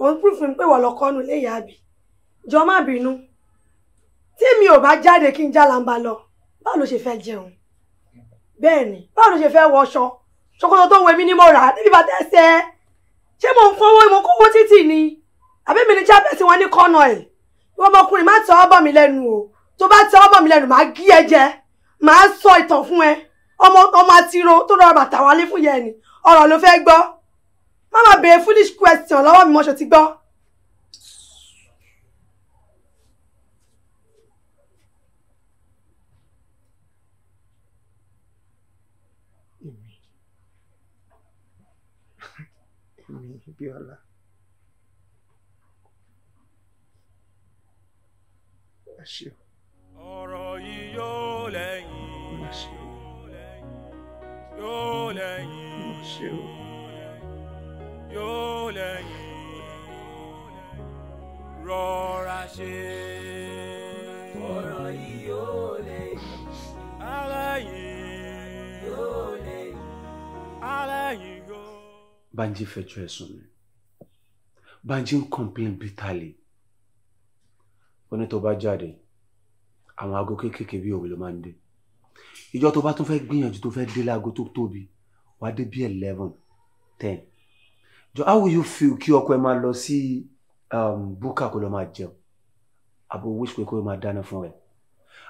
òun proof mi pé wọ́n lọ kọ́nu léyà àbí jọ má bínú tí mi ò bá jáde kí n já báwo ló ṣe fẹ́ wọṣọ ṣòkòtò tó wẹ mí ni mo rà níbi bàtà ẹsẹ̀ ṣé mo ń fọwọ́ mo kówó títì ni àbí mi ni jábẹ́sì wọn ní kọ́nà ẹ̀ ìwọ ọmọkùnrin má tẹ ọbọ̀ mi lẹ́nu o tó bá tẹ ọbọ̀ mi lẹ́nu màá gí ẹ jẹ màá sọ ìtàn fún ẹ ọmọ ọmọ àtiro tó rọra bàtà wálé fún yẹn ni ọ̀rọ̀ ló fẹ́ gbọ́ má má béèrè foolish question lọ́wọ́ mi mọ́ṣọ́ ti gbọ́ Bíọ́lá. Ẹ ṣe o. Ọ̀rọ̀ yìí yóò lẹ́yìn. Yóò lẹ́yìn. Yóò lẹ́yìn. Rọra ṣe. Banji fẹjọ́ ẹ̀sùn mi Banji ń complain bitterly ó ní tó bá jáde àwọn aago kéékèèké bíi òwe ló máa ń dé ìjọ tó bá tún fẹ́ gbìyànjú tó fẹ́ dé láago tó tóbi wàá dé bíi eleven ten jọ how will you feel kí ọkọ ẹ máa lọ sí um, búkà kó lọ máa jẹun àbò wish pé kó o máa dáná fún ẹ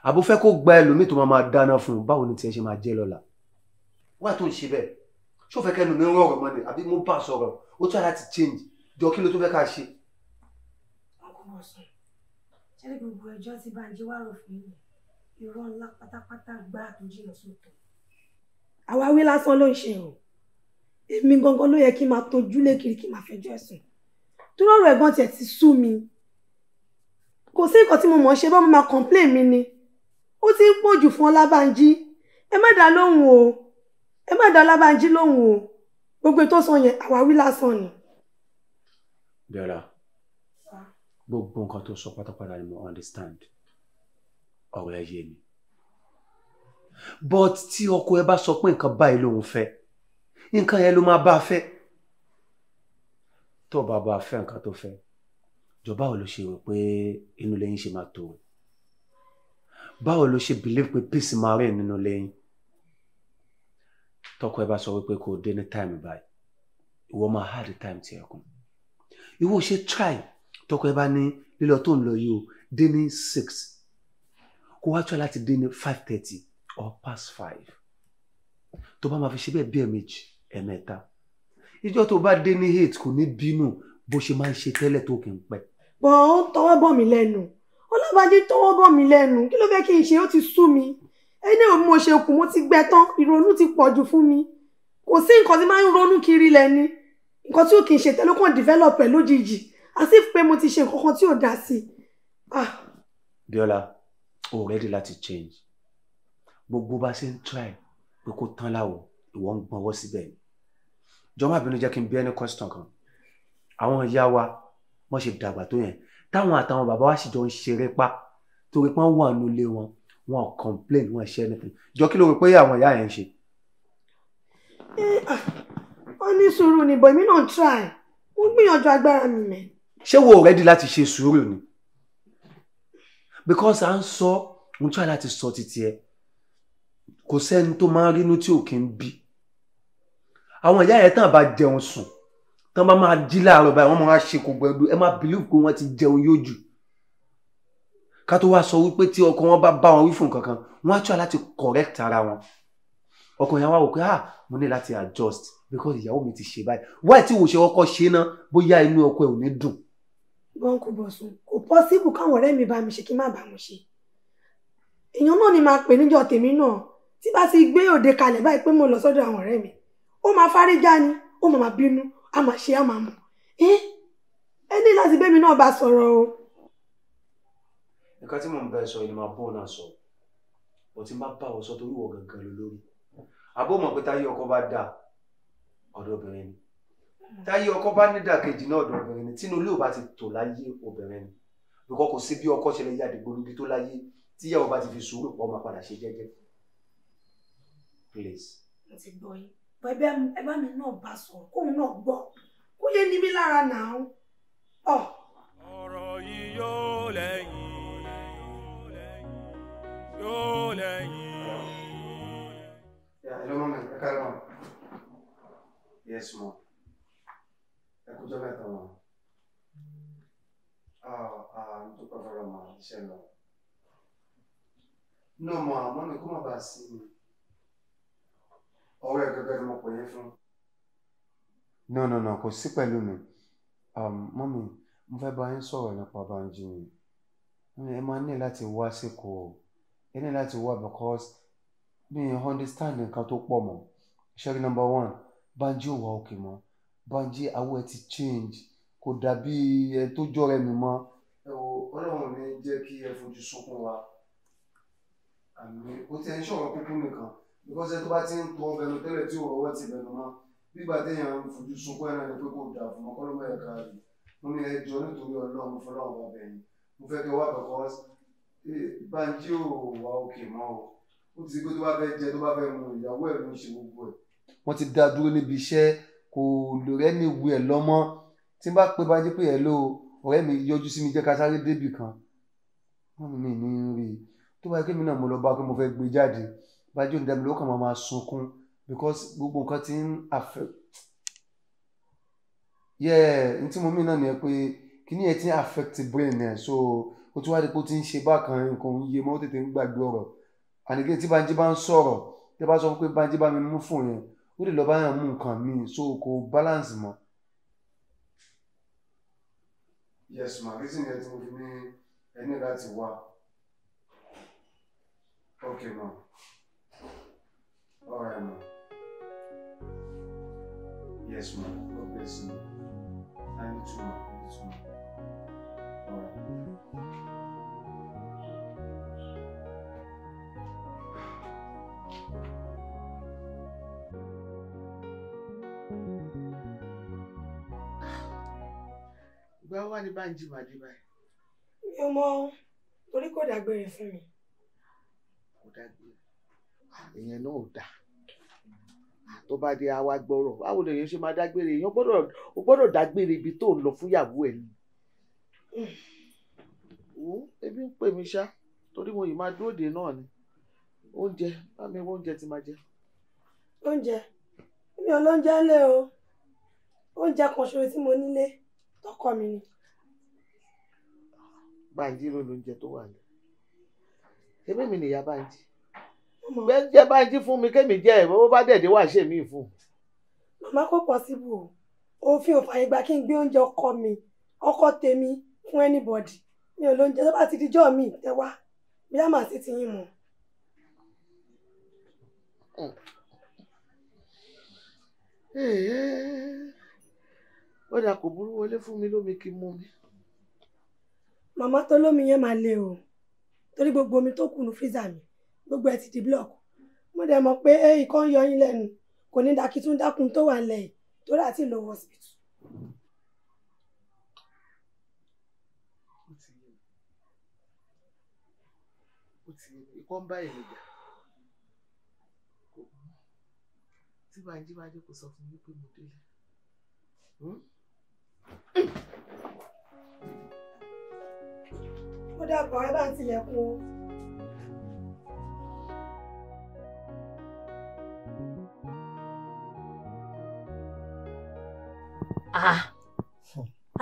àbò fẹ́ kó gba ẹlòmíì tó máa máa dáná fún un báwo ni tiẹ̀ ṣe máa jẹ́ lọ́la wà tó ń ṣe bẹ́ẹ̀ ṣó fẹ́ kẹ́nu mi ń rọrùn mọ́ ni àbí mo bá sọ̀rọ̀ ó tún láti change jọ kí ló tó fẹ́ ká ṣe. ọkùnrin ọ̀sán lásán ló ń ṣe o èmi gangan ló yẹ kí n máa tọ́jú lé kí n máa fẹjọ́ ẹ̀sùn tó ẹ̀gbọ́n tiẹ̀ ti sú mi kò sí nǹkan tí mo mọ̀ ṣe bá mo máa complain mi ni ó ti ń pọ̀jù fún Ọlábánjí ẹ má dá lóhùn o ẹ má dá Ọlábánjí lóhùn o gbogbo tó sọ yẹn àwáwí lásán ni. bíọ́lá gbogbo nǹkan tó sọ pátápátá ni mo understand ọ̀rọ̀ ẹ yé mi but tí ọkọ ẹ bá sọ pé nǹkan báyìí lòun fẹ́ nǹkan yẹn ló máa bá a fẹ́ tó bá bá a fẹ́ nǹkan tó fẹ́ jọba ò ló ṣe rò pé inú lẹ́yìn ṣe máa tó báwo ló ṣe believe pé peace máa rìn nínú lẹ́yìn tọkọ ẹ bá sọ wípé kò dé ní táìmù báyìí ìwọ máa hard time tiẹ̀ kún ìwọ ṣe try tọkọ ẹ bá ní lílọ tó ń lọ yìí o dé ní six kó wá try láti dé ní five thirty or past five tó bá máa fi ṣe bẹ́ẹ̀ bí ẹ̀ẹ̀mejì ẹ̀ẹ̀mẹ́ta ìjọ tó bá dé ní eight kò ní bínú bó ṣe máa ń ṣe tẹ́lẹ̀ tó kì í pẹ́. bọ̀ ó ń tọwọ́ bọ̀ mí lẹ́nu ọlọ́bàdé tọwọ́ bọ̀ mí lẹ́nu kí ló fẹ́ kí n ṣe ó ti sú mi ẹni ò mọ̀ ṣe kù mo ti gbẹ tán ìrònú ti pọ̀ jù fún mi kò sí nǹkan tí máa ń ronú kiri lẹ́ni nǹkan tí ò kì í ṣe tẹ́lẹ̀ kàn lójijì àti pé mo ti ṣe nǹkan kan tí ò dá sí i. Ah. Bíọ́lá o ready láti change gbogbo bá ṣe ń try pé kó tán láwo ìwọ ń gbọ́nwọ́ síbẹ̀ ni jọ̀ọ́ má bínú jẹ́ kí n bí ẹni question kan àwọn ìyá wa wọ́n ṣe dàgbà tó yẹn táwọn àtàwọn bàbá wa sì jọ ń ṣeré torí pé wọ́n wà nílé wọn wọn ò complain wọn ṣe anything jọ kí ló rò pé àwọn ìyá yẹn ń ṣe. Eh, ah, ó ní sùúrù ni bọ̀ èmi náà try mo gbìyànjú agbára mi mẹ́. ṣé wo ready láti ṣe sùúrù ni because à ń sọ mo try láti sọ títí ẹ kò sẹ́ni tó máa rínú tí ò kí ń bí àwọn ìyá yẹn tán bá jẹun sùn tán bá máa jí láàárọ̀ báyìí wọ́n máa ṣe kò gbẹ̀dú ẹ má believe pé wọ́n ti jẹun yóò ká tó wá sọ wípé tí ọkọ wọn bá bá wọn wí kankan wọn á tún láti correct ara wọn ọkọ yẹn wá wò pé ah mo ní láti adjust because ìyàwó mi ti ṣe báyìí wáyé tí wò ṣe ọkọ ṣe náà bóyá inú ọkọ ẹ ò ní dùn. wọn kò bọ̀ sùn kò pọ́sibù káwọn ọ̀rẹ́ mi bá mi ṣe kí n má bá wọn ṣe èèyàn náà ni máa pè níjọ tèmi náà tí bá ti gbé òde kalẹ̀ báyìí pé mo lọ sọ́dọ̀ àwọn ọ̀rẹ́ mi ó máa fárígá ni ó máa bínú a máa ṣe a máa mọ̀ ẹ́ ẹ ní láti bẹ́mi náà bá sọ̀rọ̀ o nǹkan tí mò ń bẹ sọ yìí ni màá bò náà sọ bó ti bá bá ọ sọ torí wọ gangan ló lórí àbó mọ̀ pé táyé ọkọ bá dà ọ̀dọ̀ obìnrin ni táyé ọkọ bá ní dàkejì náà ọ̀dọ̀ obìnrin ni tínú ilé ò bá ti tò láyé obìnrin ni bíkọ́ kò sí bí ọkọ ṣe lè yá àdìgbò níbi tó láyé tíyàwó bá ti fi sùúrù pọ̀ máa padà ṣe jẹ́jẹ́ please. mo ti gbọ́ yín bọ́ ẹgbẹ́ ẹgbẹ́ mi náà bá sọ̀rọ̀ kóun náà gbọ́ kó lè ní mi lára nàá. ọ̀rọ̀ yìí yóò lẹ́yìn hello mọ́mí ẹ yes mọ́ ẹ kújọ́ mẹ́ta mọ́ n tó pẹ́ fọ́rọ̀ mọ́ iṣẹ́ lọ. nínú ọmọ àmọ́ mi kó má bàa sí mi ọwọ́ ẹ̀ gẹ́gẹ́ ni mo pè no no no kò sí pẹ̀lú mi mọ́mí mo fẹ́ bá yín sọ̀rọ̀ nípa Banji ni ẹ máa ní láti wá síkò o ẹ ní láti wá because mi ò understand nǹkan tó pọ̀ mọ́ ṣẹ́rí number one Banji ò wá òkè mọ́ Banji awọ ẹ ti change kò dàbí ẹ tó jọrẹ mi mọ́. ẹ wo ọlọ́run mi jẹ́ kí ẹ fojú sunkún wa àmì ó ti ẹ ń ṣọ̀rọ̀ kúkú nìkan because ẹ tó bá ti ń tọ́ bẹnu tẹ́lẹ̀ tí ò rọwọ́ ti bẹnu mọ́ gbígbà téèyàn ń fojú sunkún ẹ̀rọ ni pé kò dà fún ọkọ́ ló mọ̀ ẹ̀ka rẹ̀ mo ní ẹjọ́ nítorí ọlọ́run fọlọ́run bàbá ẹ̀yìn mo fẹ́ kẹ́ wá because Eh, Bánjí ò wá òkè mọ́ o ó ti gbé tó bá fẹ́ jẹ tó bá fẹ́ mu ìyàwó ẹ̀ ló ń ṣe gbogbo ẹ̀. wọ́n ti dá dúró níbi iṣẹ́ kò lò rẹ́ ní ìwé ẹ̀ lọ́mọ́ tí n bá pé Bánjí pé ẹ̀ ló ọ̀rẹ́ mi yọjú sí mi jẹ́ ká sáré débì kan wọ́n mi ní rí i tó bá yẹ kémi náà mo lọ bá pé mo fẹ́ gbé jáde Bánjí ò ní dábìlì ó máa sunkún because gbogbo nǹkan ti ń affect yẹ n tí mo mí náà nìyẹn pé kí ni ẹ ti affect brain ẹ so ó tún wá di pé ó ti ń ṣe bákan nǹkan òun mọ́ tètè ń gbàgbé ọ̀rọ̀ àníkè tí Bánjí bá ń sọ̀rọ̀ tí a bá sọ pé Bánjí bá mi mú fún yẹn ó lè lọ bá yàn mú nǹkan míì so kò balance mọ́. yes ma reason yẹn tí mo fi ní ẹni láti wá ok ma alright ma yes ma god bless you i need to ma i ìgbà wo wá ní Bánjí máa dé báyìí. mi ò mọ torí kò dágbére fún mi. kò dágbére ìyẹn náà ò dáa tó bá dé àwa gbọ́rọ̀ báwo lè yẹn ṣe máa dágbére èèyàn gbọ́dọ̀ o gbọ́dọ̀ dágbére ibi tó ń lọ fúyàwó ẹ̀ ni. wò ó ebi ń pè mí ṣá torí mo yìí máa dóde náà ni oúnjẹ bá mi wọ oúnjẹ tí máa jẹ. oúnjẹ mi ò lóúnjẹ ńlẹ o oúnjẹ kan ṣoṣo tí mo nílé tọkọ mi ni. Bánjí ló lóúnjẹ tó wà ní. Ebí mi nìyá Bánjí. Jẹ́ Bánjí fún mi kémi jẹ́ ẹ̀ bó bá dẹ̀dẹ̀ wà ṣe mí fún. Màmá kò pọ̀sibù o. Òfin ò fàyè gbà kí n gbé oúnjẹ ọkọ mi, ọkọ tèmi fún anybody. Mi ò lóúnjẹ tó bá ti dijọ́ mi tẹ wá. Bí a máa ṣe ti yín mu. Mm. Eh, eh, eh ó dà kò burú wọlé fún mi lómi kí n mú mi. màmá tó lómi yẹn máa le o torí gbogbo omi tó kù ní fíìsà mi gbogbo ẹ ti di block mo dẹ̀ mọ̀ pé eh, ikọ́ ń yọ yín lẹ́nu kò ní dákí tún dákun tó wà lẹ́yìn torí àti lọ hospital. ikọ́ bá èmi jà tí bàjí bá dé kò sọ fún mi pé mo délé. Hmm? ó dàgbọ́ ẹ bá ń tilẹ̀kùn o.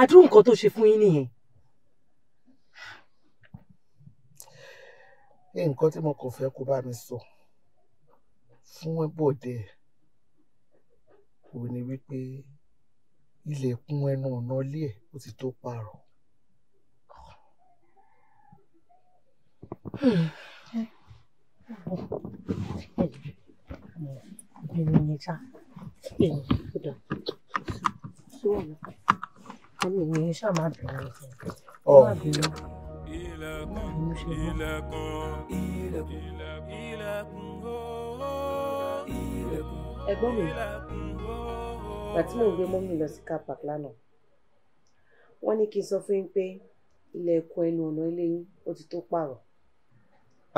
àdúrú ah, nǹkan tó ṣe fún yín nìyẹn. nǹkan tí mo kàn fẹ́ kó bá mi sọ fún Bọ̀dé òun wípé ilẹ̀kùn ẹnu ọ̀nà ilé ẹ̀ ó ti tó pààrọ̀. Ilẹ̀kùn, ilẹ̀kùn, mi ìgbà tí mò ń gbé mọ́mì lọ sí car park lánàá wọ́n ní kí n sọ fún yín pé ilẹ̀kùn ẹnu ọ̀nà ilé yín ó ti tó pààrọ̀.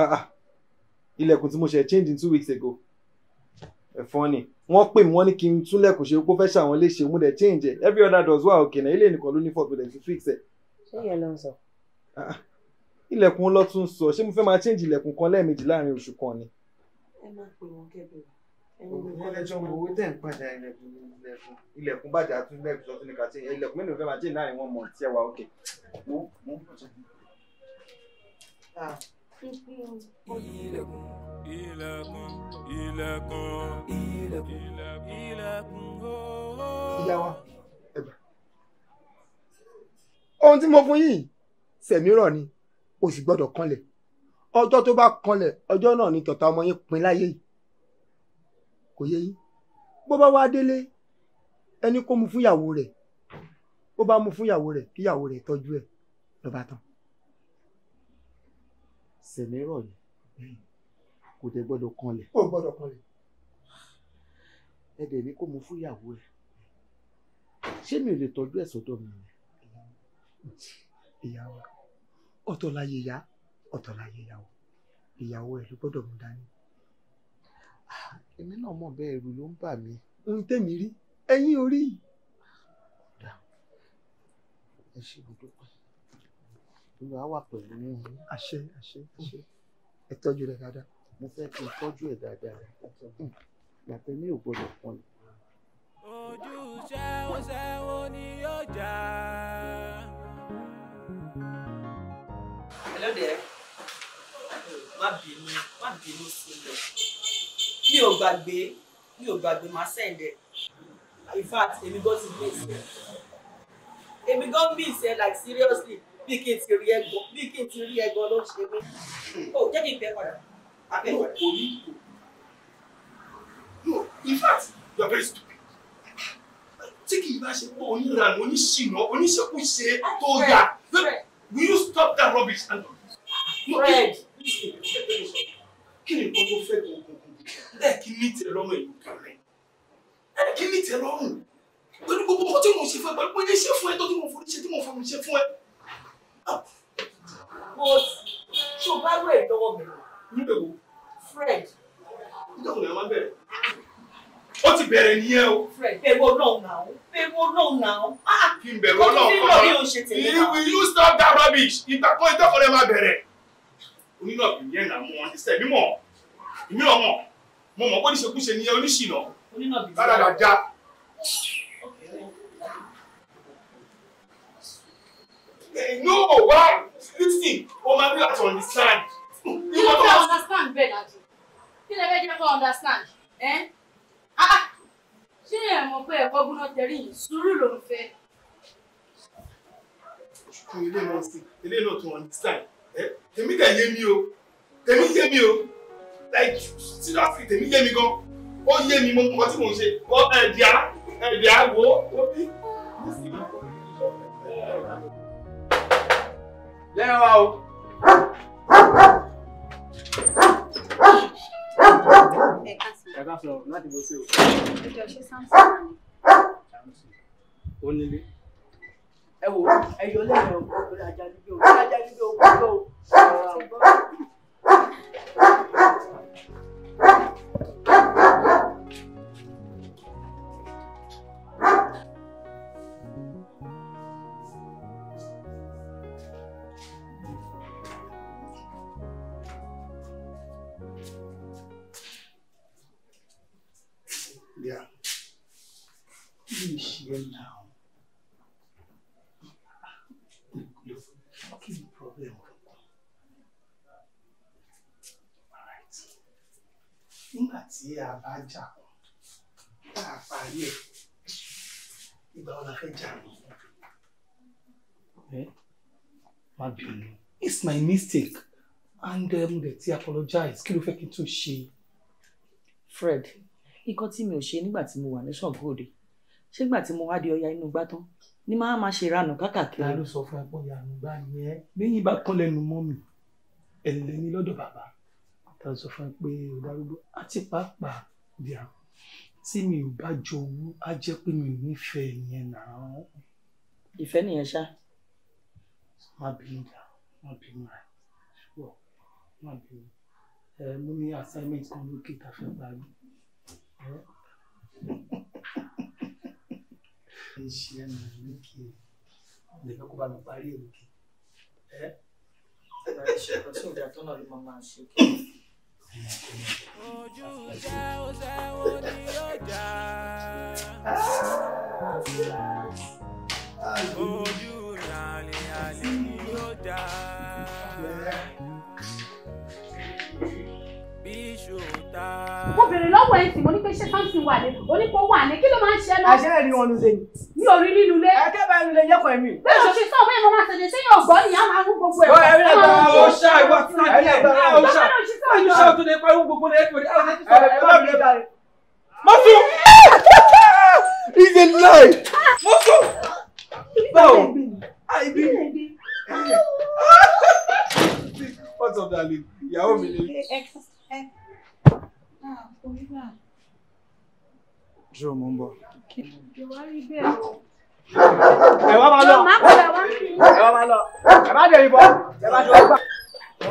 Ah, ah. ilẹ̀kùn tí mo ṣe change in two weeks ago ẹ̀fọn ni wọ́n pè mí wọ́n ní kí n túnlẹ̀kùn ṣe kó fẹ́ ṣàwọn léṣe mú dẹ̀ change ẹ̀ every other doors well okay náà ilé nìkan ló ní fọ́ọ̀tù dẹ̀ ti fix ẹ̀. ṣé ìyẹn ló ń sọ. Ah, ilẹ̀kùn lọ́tún sọ ṣé mo fẹ́ máa change ilẹ̀kùn kan lẹ́ẹ̀mejì láàrin oṣù kan ni. ẹ má pè wọn kẹ́bẹ̀rẹ̀ owó tẹ̀ ń padà ilẹ̀kùn bàjẹ́ àtúndẹ̀ ìbùsọ̀tún ní kàtí ilẹ̀kùn mélòó fẹ́ máa jẹ́ láàrin wọn mọ̀ tí ẹ wà òkè. ilẹ̀kùn ilẹ̀kùn ilẹ̀kùn ilẹ̀kùn ooo. Oh, oh. ohun tí mo fún yìí sẹ̀mírọ̀ ni o sì gbọ́dọ̀ kanlẹ̀ ọjọ́ tó bá kanlẹ̀ ọjọ́ náà ni tọ̀tà ọmọ yín pin láyé yìí kò yé yín bó bá wá délé ẹni kó mu fún ìyàwó rẹ̀ bó bá mu fún ìyàwó rẹ̀ kí ìyàwó rẹ̀ tọ́jú ẹ̀ ló bá tán. sẹ̀mẹ́rọ̀ yìí kò tẹ gbọ́dọ̀ kanlẹ̀. kò gbọ́dọ̀ kanlẹ̀. ẹ dẹ̀ ní kó mu fún ìyàwó ṣé mi ò lè tọ́jú ẹ̀ sọ́dọ̀ mi ni. ìyàwó ọ̀tọ̀ láyé ìyá ọ̀tọ̀ láyé ìyàwó ìyàwó ẹ̀ ló gbọ́dọ̀ mú dání èmi náà mọ̀ bẹ́ẹ̀ ẹ̀rù ló ń bà mí. ohun tẹ̀mí rí ẹ̀yìn orí. ẹ ṣe gbogbo olùwà wà pẹ̀lú yín. àṣẹ àṣẹ àṣẹ ẹ tọ́jú rẹ̀ dáadáa. mo fẹ́ kí n tọ́jú ẹ̀ dáadáa yàtọ̀ hmm, mi ò gbọdọ̀ pọ̀ ni. ojúṣe oṣẹ wo ni yóò jà. hello there má bínú má bínú sílẹ̀ mi ò gbàgbé mi ò gbàgbé máa sẹ́ǹdẹ̀ in fact èmi gan ti bí ìsẹ̀ èmi gan bí ìsẹ̀ like seriously bí kí n ti rí ẹ̀gbọ́n bí kí n ti rí ẹ̀gbọ́n ló ṣe mí ó oh, jẹ́ kí n fẹ́ padà abẹ́ ìwà kò oh, ní kò no in fact you are very stupid tí kì í bá ṣe pé oníranú oníṣìnà oníṣekúṣe tó ga will you stop that rubbish and. Fred kí ni nǹkan tó fẹ́ gan ẹ kì í ní tiẹ̀ lọ́rùn ẹ̀yìn obìnrin ẹ kì í ní tiẹ̀ lọ́rùn pẹ̀lú gbogbo ọkọ tí mo ṣe fún ẹ pẹ̀lú pé ṣé fún ẹ tó tí mo forí ṣe tí mo forí ṣe fún ẹ. mo ṣó bá wẹ̀ lọ́wọ́ mi. níbẹ̀ wo. Fred. nígbà wo ni a máa bẹ̀rẹ̀. ó ti bẹ̀rẹ̀ nìyẹn o. Fred bẹ̀rù ọlọ́run náà bẹ̀rù ọlọ́run náà. Ah, kí n bẹ̀rù ọlọ́run kọ́ ọ will you stop that rubbish ìtàkùn ìtàkùn rẹ máa bẹ̀rẹ̀. onínàbì yẹn nà mọ́ ọ́n ti sẹ́ mímọ́ ìmíràn mọ́ mo mọ̀ pé oníṣekúṣe ni oníṣìnà ládàdàjà. no why listen o máa bí láti understand. kí ló fẹ́ understand bẹ́ẹ̀ dájú kí lè fẹ́ jẹ́ kó understand eh? ah, ah. ṣé ẹ mọ̀ pé ẹ̀kọ́ gbóná tẹ̀rí yìí sùúrù ló ń fẹ́. ṣùkú ilé náà sí ilé náà tó understand eh? èmi tẹ̀ yé mi o èmi yé mi o like seriously tèmi yé mi gan ó yé mi mo mọ tí mò ń ṣe ọ ẹ̀dìá ẹ̀dìá wo ó bí. lẹ́yìn wa o. ẹ̀ka sọ̀rọ̀ o. ẹjọ ẹ wo ẹyọ lẹ́yìn o lórí ajá dídé o ajá dídé o gbọ́dọ̀ o. a bá jà tá a parí ẹ̀ ìgbà wo la fẹ́ jà ní. it's my mistake and um, mo dẹ̀ ti apologize kí ló fẹ́ kí n tún ṣe. Fred nǹkan tí mi ò ṣe nígbà tí mo wà ní ṣọ̀gbọ́dẹ ṣégbà tí mo wá di ọya inú gbá tán ni máa ma ṣe ranù kákàkiri. ta ló sọ fún ẹ pé ìyanu gbá yẹn. lẹ́yìn bá kán lẹ́nu mọ́ mi ẹ̀lẹ́ni lọ́dọ̀ bàbá tá sọ fún pé o darúgbó àti pàápàá bíà tí mi ò bá jowú á jẹ́ pé mi ò nífẹ̀ẹ́ yẹn náà. ìfẹ́ nìyẹn ṣá. má bínú dá má bínú rẹ ṣùgbọ́n má bínú ẹ mo ní assignment kan lókè tá a fẹ́ parí. ẹ ṣe ẹ nà lókè lè fẹ́ kó bá mi parí ẹ̀ lókè. ẹ ẹ ṣe é kò tí ò dá tó náà ló máa máa ṣe kí. Oh, you. sẹ́wó ni mo bèrè lọ́wọ́ ẹ̀ tì mo ní pé ṣé Samson wà ní onípo wà ní kí ló máa ń ṣe náà. àṣẹ rí wọn lóde ni. mi ò rí nínú ilé. ẹ kẹ́bàá nínú ilé yẹ́kọ̀ọ́ ẹ̀mí. bẹ́ẹ̀ ló ṣe sọ bẹ́ẹ̀ mo máa ṣẹlẹ̀ ṣé yóò gbọ́ nìyá máa ń gbogbo ẹ̀. ẹ̀rí ẹ̀gbọ́n àwọn ọ̀ṣà ìwà tí wọ́n ti ẹ̀gbọ́n àwọn ọ̀ṣà ẹ̀yìn ṣáà tó lè pariwo gbogbo What's up, darling? Ìyàwó mi ni ṣé o mọ̀ ń bọ̀. ẹ wá máa lọ ẹ wá máa lọ ẹ má dẹ̀ ìbọn ẹ má dẹ̀ wá gbà. ẹ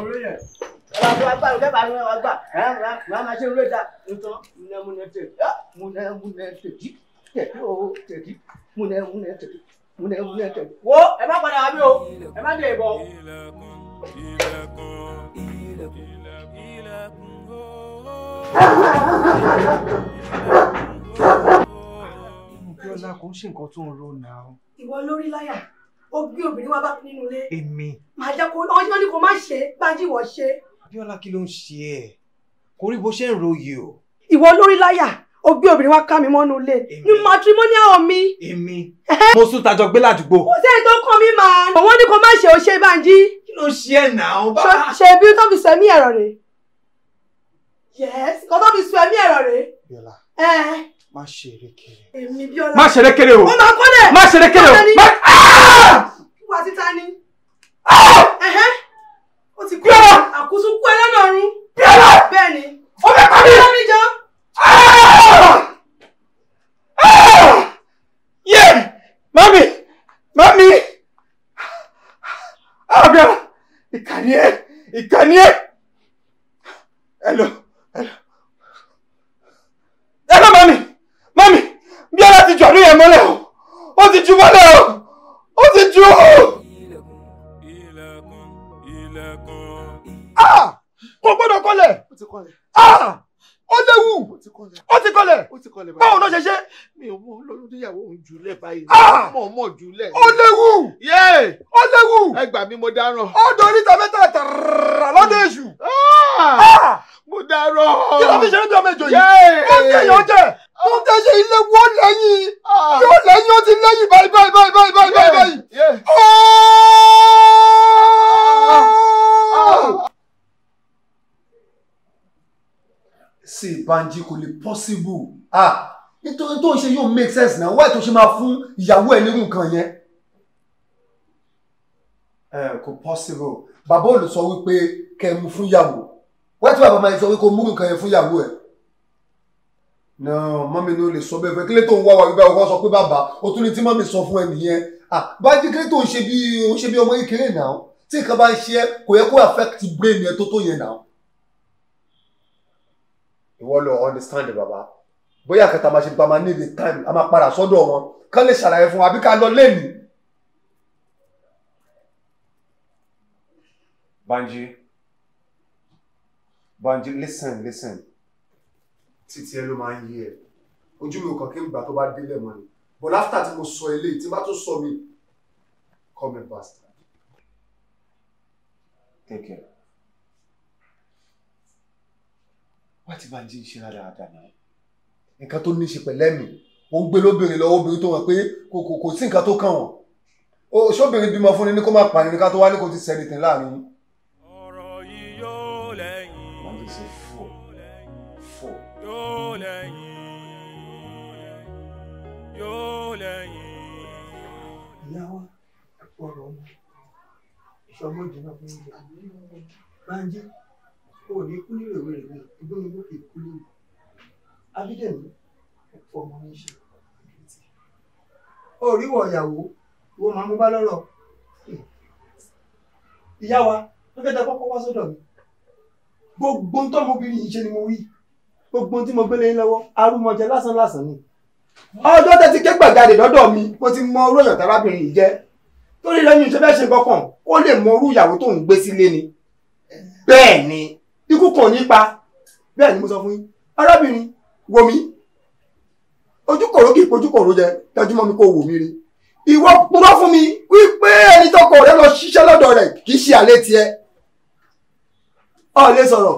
má dẹ̀ wá gbà ẹ má dẹ̀ wá gbà ẹ má máa ṣe rúwẹ́ta nǹkan múnẹ́múnẹ́tẹ̀ múnẹ́múnẹ́tẹ̀jì tẹ̀jì o tẹ̀jì múnẹ́múnẹ́tẹ̀jì múnẹ́múnẹ́tẹ̀jì. wo ẹ má padà wá bí o ẹ má dẹ̀ ìbọn. ilẹ̀kùn ilẹ̀kùn ilẹ̀kùn ilẹ̀kùn. Bíọ́lá kò ń ṣe nǹkan tó ń ro náà. Ìwọ lórí láyà, ó gbé obìnrin wá bá nínú ilé. Èmi. Màá jẹ́ kó ọjọ́ ní kò má ṣe é, Bánjí ìwọ ṣe. Bíọ́lá kí ló ń ṣe ẹ̀? Kò rí bó ṣe ń ro o. Ìwọ lórí láyà, ó gbé obìnrin wá ká mi mọ́nú ilé. Ní matrimonial mi. Èmi. Mo sún tajọ gbé ládùúgbò. Kò sẹ́ni tó kàn mí màá. Òwọ́n ní kò má ṣe ó ṣe Bánjí. Kí ló ṣe ẹ̀ náà? Ṣe bí tó fi yes kò tó fi sun ẹ̀mí ẹ̀rọ rẹ̀. bíọ́lá má ṣe eré kéré. èmi bíọ́lá má ṣe eré kéré o. ó máa kọ́ dẹ̀. má ṣe eré kéré o. wà á ti ta ni. Ah! ó ti kú àkúsù kú ẹlẹ́nà ọ̀run. bíọ́lá bẹ́ẹ̀ ni. ó fẹ́ pa mí. ó mi jọ. Ah! Ah! yé mami mami àbíọ́lá ìkànnì ẹ ìkànnì ẹ. Hello ẹ lọ mami mami bí ọlá ti ju àánú yẹn mọ́lẹ̀ o ó ti ju mọ́lẹ̀ o ó ti ju o. ilẹ̀kùn ilẹ̀kùn. kò ah! gbọ́dọ̀ kọlẹ̀. ó ó léwu ó ti kọlẹ̀ báwo ló ṣe ṣe. mi ò mọ lọ́dún níyàwó òun jùlẹ̀ báyìí ah! mọ̀ mọ̀ jùlẹ̀. ó léwu ó léwu. ẹ gbà mí mo dáràn. ó dorí ta mẹ́ta tààrà lọ́dún èṣù. Ah! Ah! mo dáràn. kí ló fi ṣe nítorí ọmọ ìjọ yìí. ó ń tẹ̀yàn jẹ ó ń tẹ̀yẹ ilé wo lẹ́yìn yóò lẹ́yìn ó ti lẹ́yìn báyìí báyìí báyìí báyìí báyìí. Oh! see Banji kò lè possible ah nítorí tó ń ṣe yóò make sense náà wáyé tó ṣe máa fún ìyàwó ẹ nírú nǹkan yẹn. ẹ kò possible bàbá olù sọ wípé kẹ́ mú fún ìyàwó wáyé tí bàbá máa sọ wípé kò mú nǹkan yẹn fún ìyàwó ẹ. náà mọ́mí ló lè sọ bẹ́ẹ̀ fẹ́ kílé tó ń wá wa wípé ọkọ sọ pé bàbá o tún ní tí mọ́mí sọ fún ẹ nìyẹn ah bájí kílé tó ń ṣe bí ọmọ kékeré náà tí nǹkan bá ń ṣe kò yẹ kó affect brain yẹn tó tó yẹn náà ìwọ lọ understand Baba? bóyá kẹta máa ṣe bá máa need a time a máa padà sọ́dọ̀ wọn kán lè ṣàlàyé fún wa àbí ká lọ lẹ́nu. Banji Banji listen listen títí ẹ ló máa ń yí ẹ ojú mi ò kàn kí n gbà tó bá délẹ̀ mọ́ ni but after tí mo sọ eléyìí tí n bá tún sọ mi come in bastard. Take care. wá ti bá ń jí ṣe rádaràdà náà nǹkan tó ní í ṣe pẹ̀lẹ́ mi ó ń gbé lóbìnrin lọ́wọ́ obìnrin tó wọ̀n pé kò kò kò sí nǹkan tó kàn wọ́n o ṣóbìnrin bímọ fún ni ní kó má pààyàn ní ká tó wá ní kó ti sẹ́ni tẹ̀ láàrin yín. ọ̀rọ̀ yìí yóò lẹ́yìn. wọ́n ti ṣe fọ́ fọ́. yóò lẹ́yìn yóò lẹ́yìn. ìyáwó ọ̀rọ̀ ọmọ ìṣọmọdé náà fún mi bá ń jẹ́ o ò ní kú ní ìròyìn rẹ̀ mi ìgbọ́n mi lókè kú lóyún abídẹ̀mí ọ̀pọ̀ ọmọ mi ṣe oríwọ̀ ìyàwó wo máa mú bá lọ́rọ̀ ìyá wa ló fẹ́ da kọ́kọ́ wá sọ́dọ̀ mi gbogbo ń tọ́mọbìnrin yìí ṣe ni mo wí gbogbo tí mo gbélé yín lọ́wọ́ arúmọjẹ lásán lásán ni ọjọ́ tẹ́tí ké gbàgàdè lọ́dọ̀ mi mo ti mọ orú èèyàn tárábìnrin yìí jẹ́ torí lẹ́yìn ìṣe fẹ́ ṣe kankan ó lè mọ orú ìyàwó tó ń gbé sílé ni bẹ́ẹ̀ ni ikú kan nípa bẹ́ẹ̀ ni mo sọ fún yín arábìnrin wò mí ojú kòró kì í pojú kòró jẹ dájúmọ́ mi kò wò mí rí ìwọ purọ́ fún mi wípé ẹni tọkọ rẹ lọ ṣiṣẹ́ lọ́dọ̀ rẹ̀ kì í ṣe àlè tiẹ̀ ọ̀ lè sọ̀rọ̀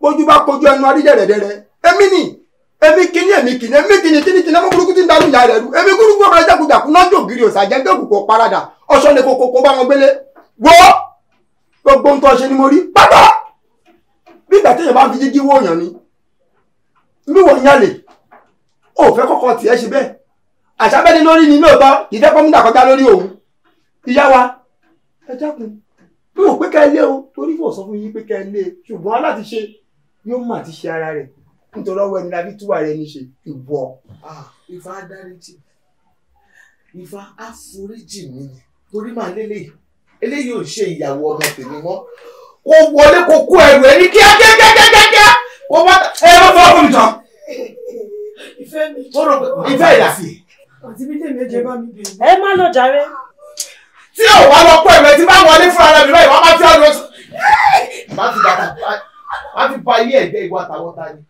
bójú bá kojú ẹnu adídẹ̀rẹ̀dẹ̀rẹ̀ èmi ni èmi kìíní èmi kìíní èmi kìíní kìíní kìíní ọmọ burúkú ti ń darú ìyá rẹ̀ rú èmi kúrú gbọ́dọ̀ jákujàku náà jò gírí jẹ́ gbẹ̀kù kò ọ̀ṣọ́ lè kókó bá wọn gbélé wọ́ gbogbo ń tọ́ ṣe ni mo rí pátá bí ìgbà téèyàn bá ń fi jíjí wòyàn ni bí wọ́n yàn lè ò fẹ́ kọ́kọ́ tiẹ̀ ṣe bẹ́ẹ̀ àṣàbẹ́ni lórí ni lóòótọ́ kì í jẹ́ kọ́múdà kọjá lórí òun ìyá wa ẹ dákun mi ò pé ká ẹ lé o torí kò sọ fún yín pé ká ẹ lé ṣùgbọ́n aláti ṣe yóò mà ti ṣe ara rẹ̀ nítorí ọwọ́ ẹni lábí túwà rẹ̀ ní ṣe ìwọ. Ifá dáríjì Ifá àforíjì mi torí màá lélẹ̀ eléyìí ò ṣe ìyàwó ọmọ tèmi mọ́ kó wọlé kó kó ẹrù ẹ ní kíákíákíákíá kó wá ẹ ló fọ́ fún mi tán. ìfẹ́ mi ìfẹ́ ìyá sí. àti bí tèmi ẹ̀jẹ̀ bá mi bèrè. ẹ má lọ jàre. tí ò wá lọ pọ̀ ẹ̀mẹ́ tí bá wọlé fún ara mi báyìí wọ́n má fi ọ̀dọ̀ sùn. má ti bàtà má ti ba ilé ẹ̀gbẹ́ ìwà àtàwọn ta ni.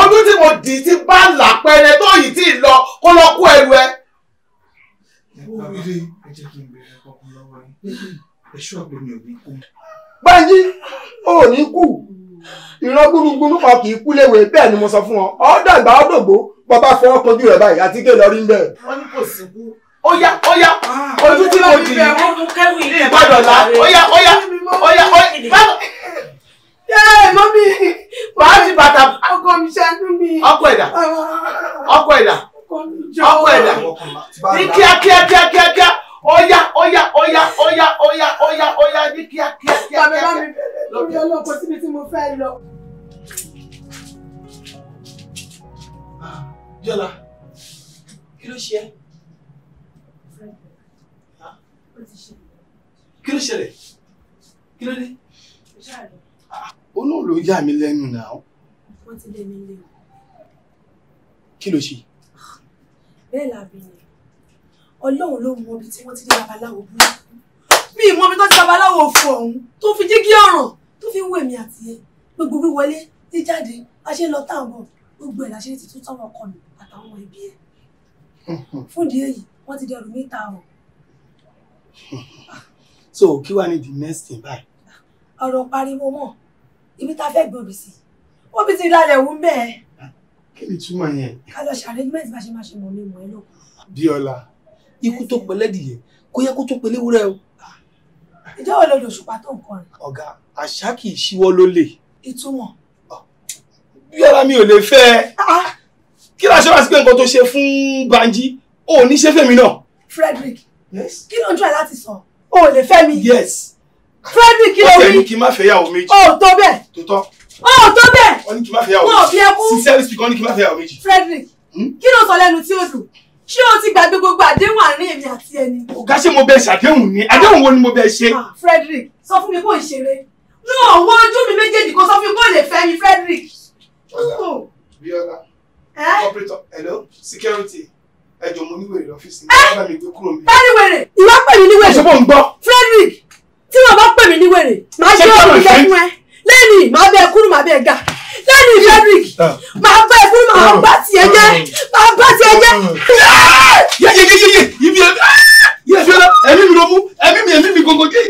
ọdún tí mo dì í ti bá làpẹrẹ tó yìí tí ì lọ kó lọ kó ẹrù ẹ. ẹ Bánjí ò ní kú ìran gbúgbúrú kan kì í kú léwe bẹ́ẹ̀ ni mo sọ fún ọ ọ dàgbà ọ dògbò bàbá fọwọ́ kojú rẹ̀ báyìí àti kéèlọ rí ń bẹ̀. wọ́n ní kò sí kú ó yá ó yá ah, ojú tí mo dì í ìgbọ́dọ̀ la ó yá ó yá ó yá ó yá. yẹ́ẹ̀ mọ́mí wàá ti bàtà. ọkọ mi ṣẹ́nu mi. ọkọ ẹ̀dà ah, ọkọ ẹ̀dà ọkọ ẹ̀dà ní kíákíá kíákíá kíá. Oya, Oya, Oya, Oya, Oya, Oya, Oya, ní kíákíá kíákíá. bàbá bá mi bẹ̀rẹ̀ lórí ọlọ́kọ síbi tí mo fẹ́ lọ. Ah, jọlá kí ló ṣe é. Ah, kí ló ṣẹlẹ̀ kí ló dé. olóòlù ah, ló yà mí lẹ́nu náà. wọ́n ti lé mi lé o. kí ló ṣe. bẹ́ẹ̀ làbí ni ọlọ́run ló mọ ibi tí wọ́n ti dé babaláwo burúkú mi ì mọ ibi tó ti babaláwo fún ọ̀hún tó fi jígí ọ̀ràn tó fi ń wò èmi àti ẹ gbogbo wíwọlé jíjáde a ṣe ń lọ táwọn gbogbo ẹ̀ la ṣe ti tún táwọn ọkọ mi àtàwọn ẹbí ẹ fún ìdí èyí wọ́n ti dẹrù mí ta ọ̀. so kí wàá ní the next thing báyìí. ọ̀rọ̀ pariwo mọ́ ibi tá a fẹ́ gbòbì sí wọ́n fi ti lálẹ́ wú bẹ́ẹ̀. kí ni túmọ̀ yẹn. ká lọ ṣe arrangement bá ṣe máa ṣe mọ̀ mi mọ̀ ẹ́ lókun. Bíọ́lá ikú tó pẹ́ lẹ́dìyẹ kó yẹ kó tó pẹ́ léwúrẹ́ o. ìjọ wo lóde òṣùpá tó nǹkan rẹ. ọ̀gá àṣà kì í ṣíwọ́ ló lè. ìtumọ̀. bí ara mi ò lè fẹ́ ẹ kí ló ṣe wá sí pé nǹkan tó ṣe fún Banji ò ní ṣe fèmí náà. Frederick kí ló ń dúrà láti sọ o ò lè fẹ́ mi. yes. Frederick kí ló rí. ó fẹ́ ní kí n má fẹ́ yàwó méjì. o tó bẹ́ẹ̀. tó tọ́. o tó bẹ́ẹ̀. wọ́n ní kí n má fẹ́ yàwó méjì. wọn ò bí ẹkú. sincerely speaking wọ́n ní kí n má fẹ́ yàwó méjì. Frederick hmm? kí ló sọ lẹ́nu tí ó dùn ṣé o ti gbàgbé gbogbo àdéhùn àárín èmi àti ẹni. ọ̀gá ṣé mo bẹ ṣàdéhùn ni àdéhùn wo ni mo bẹ ṣe. Ah, Frederick sọ fún mi kó ìṣeré ní ọwọ́ ojú mi méjèèjì kó sọ fún mi kó lè fẹ́ mi Frederick. Bíọ́lá oh. eh? operator hello security ẹjọ mo níwèrè lọ́fíìsì ní eh? bá mi gbé kúrò mi. báyìí wèrè ìwà pè mí níwèrè. ṣé mo ń gbọ́. Frederick tí wọn bá pè mí níwèrè máa ṣe òkú lẹ́nu ẹ lẹ́yìn máa bẹ kúrò máa bẹ ga lẹ́nu Frederick máa ah. bá ẹ fún máa bá tiẹ̀ jẹ́ ah. máa bá tiẹ̀ jẹ́. Ah. yeyeyeye ibi ẹbí ẹbí mi ló mú ẹbí mi ẹbí mi gbogbo jẹ.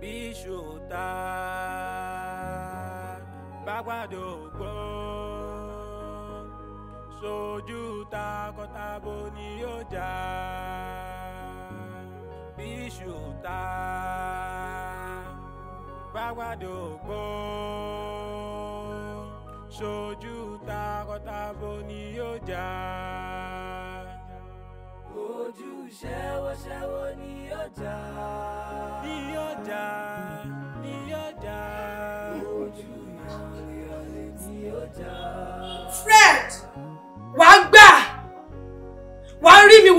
Bishota Bagbado ṣojú takọtabo ni yóò jà bí ta bágbàdo gbó ṣojú takọtabo ni yóò jà. ojú ṣẹ́wọ́ṣẹ́wọ́ ni yóò jà.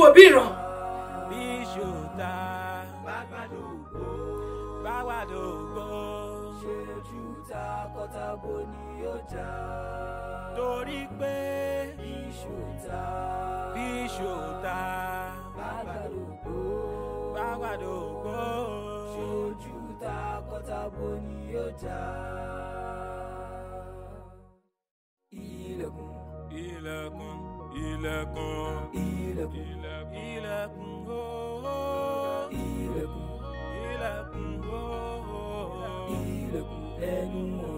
wò bí ìran. torí pé bí ṣòta bí ṣòta bàgbàdògbò bàgbàdògbò ṣojú ta kọ́tàbọ̀ ni yóò já. ilẹ̀kùn ilẹ̀kùn ilẹ̀kùn ooo oh. ilẹ̀kùn ilẹ̀kùn ooo oh. ilẹ̀kùn ẹnu wọn.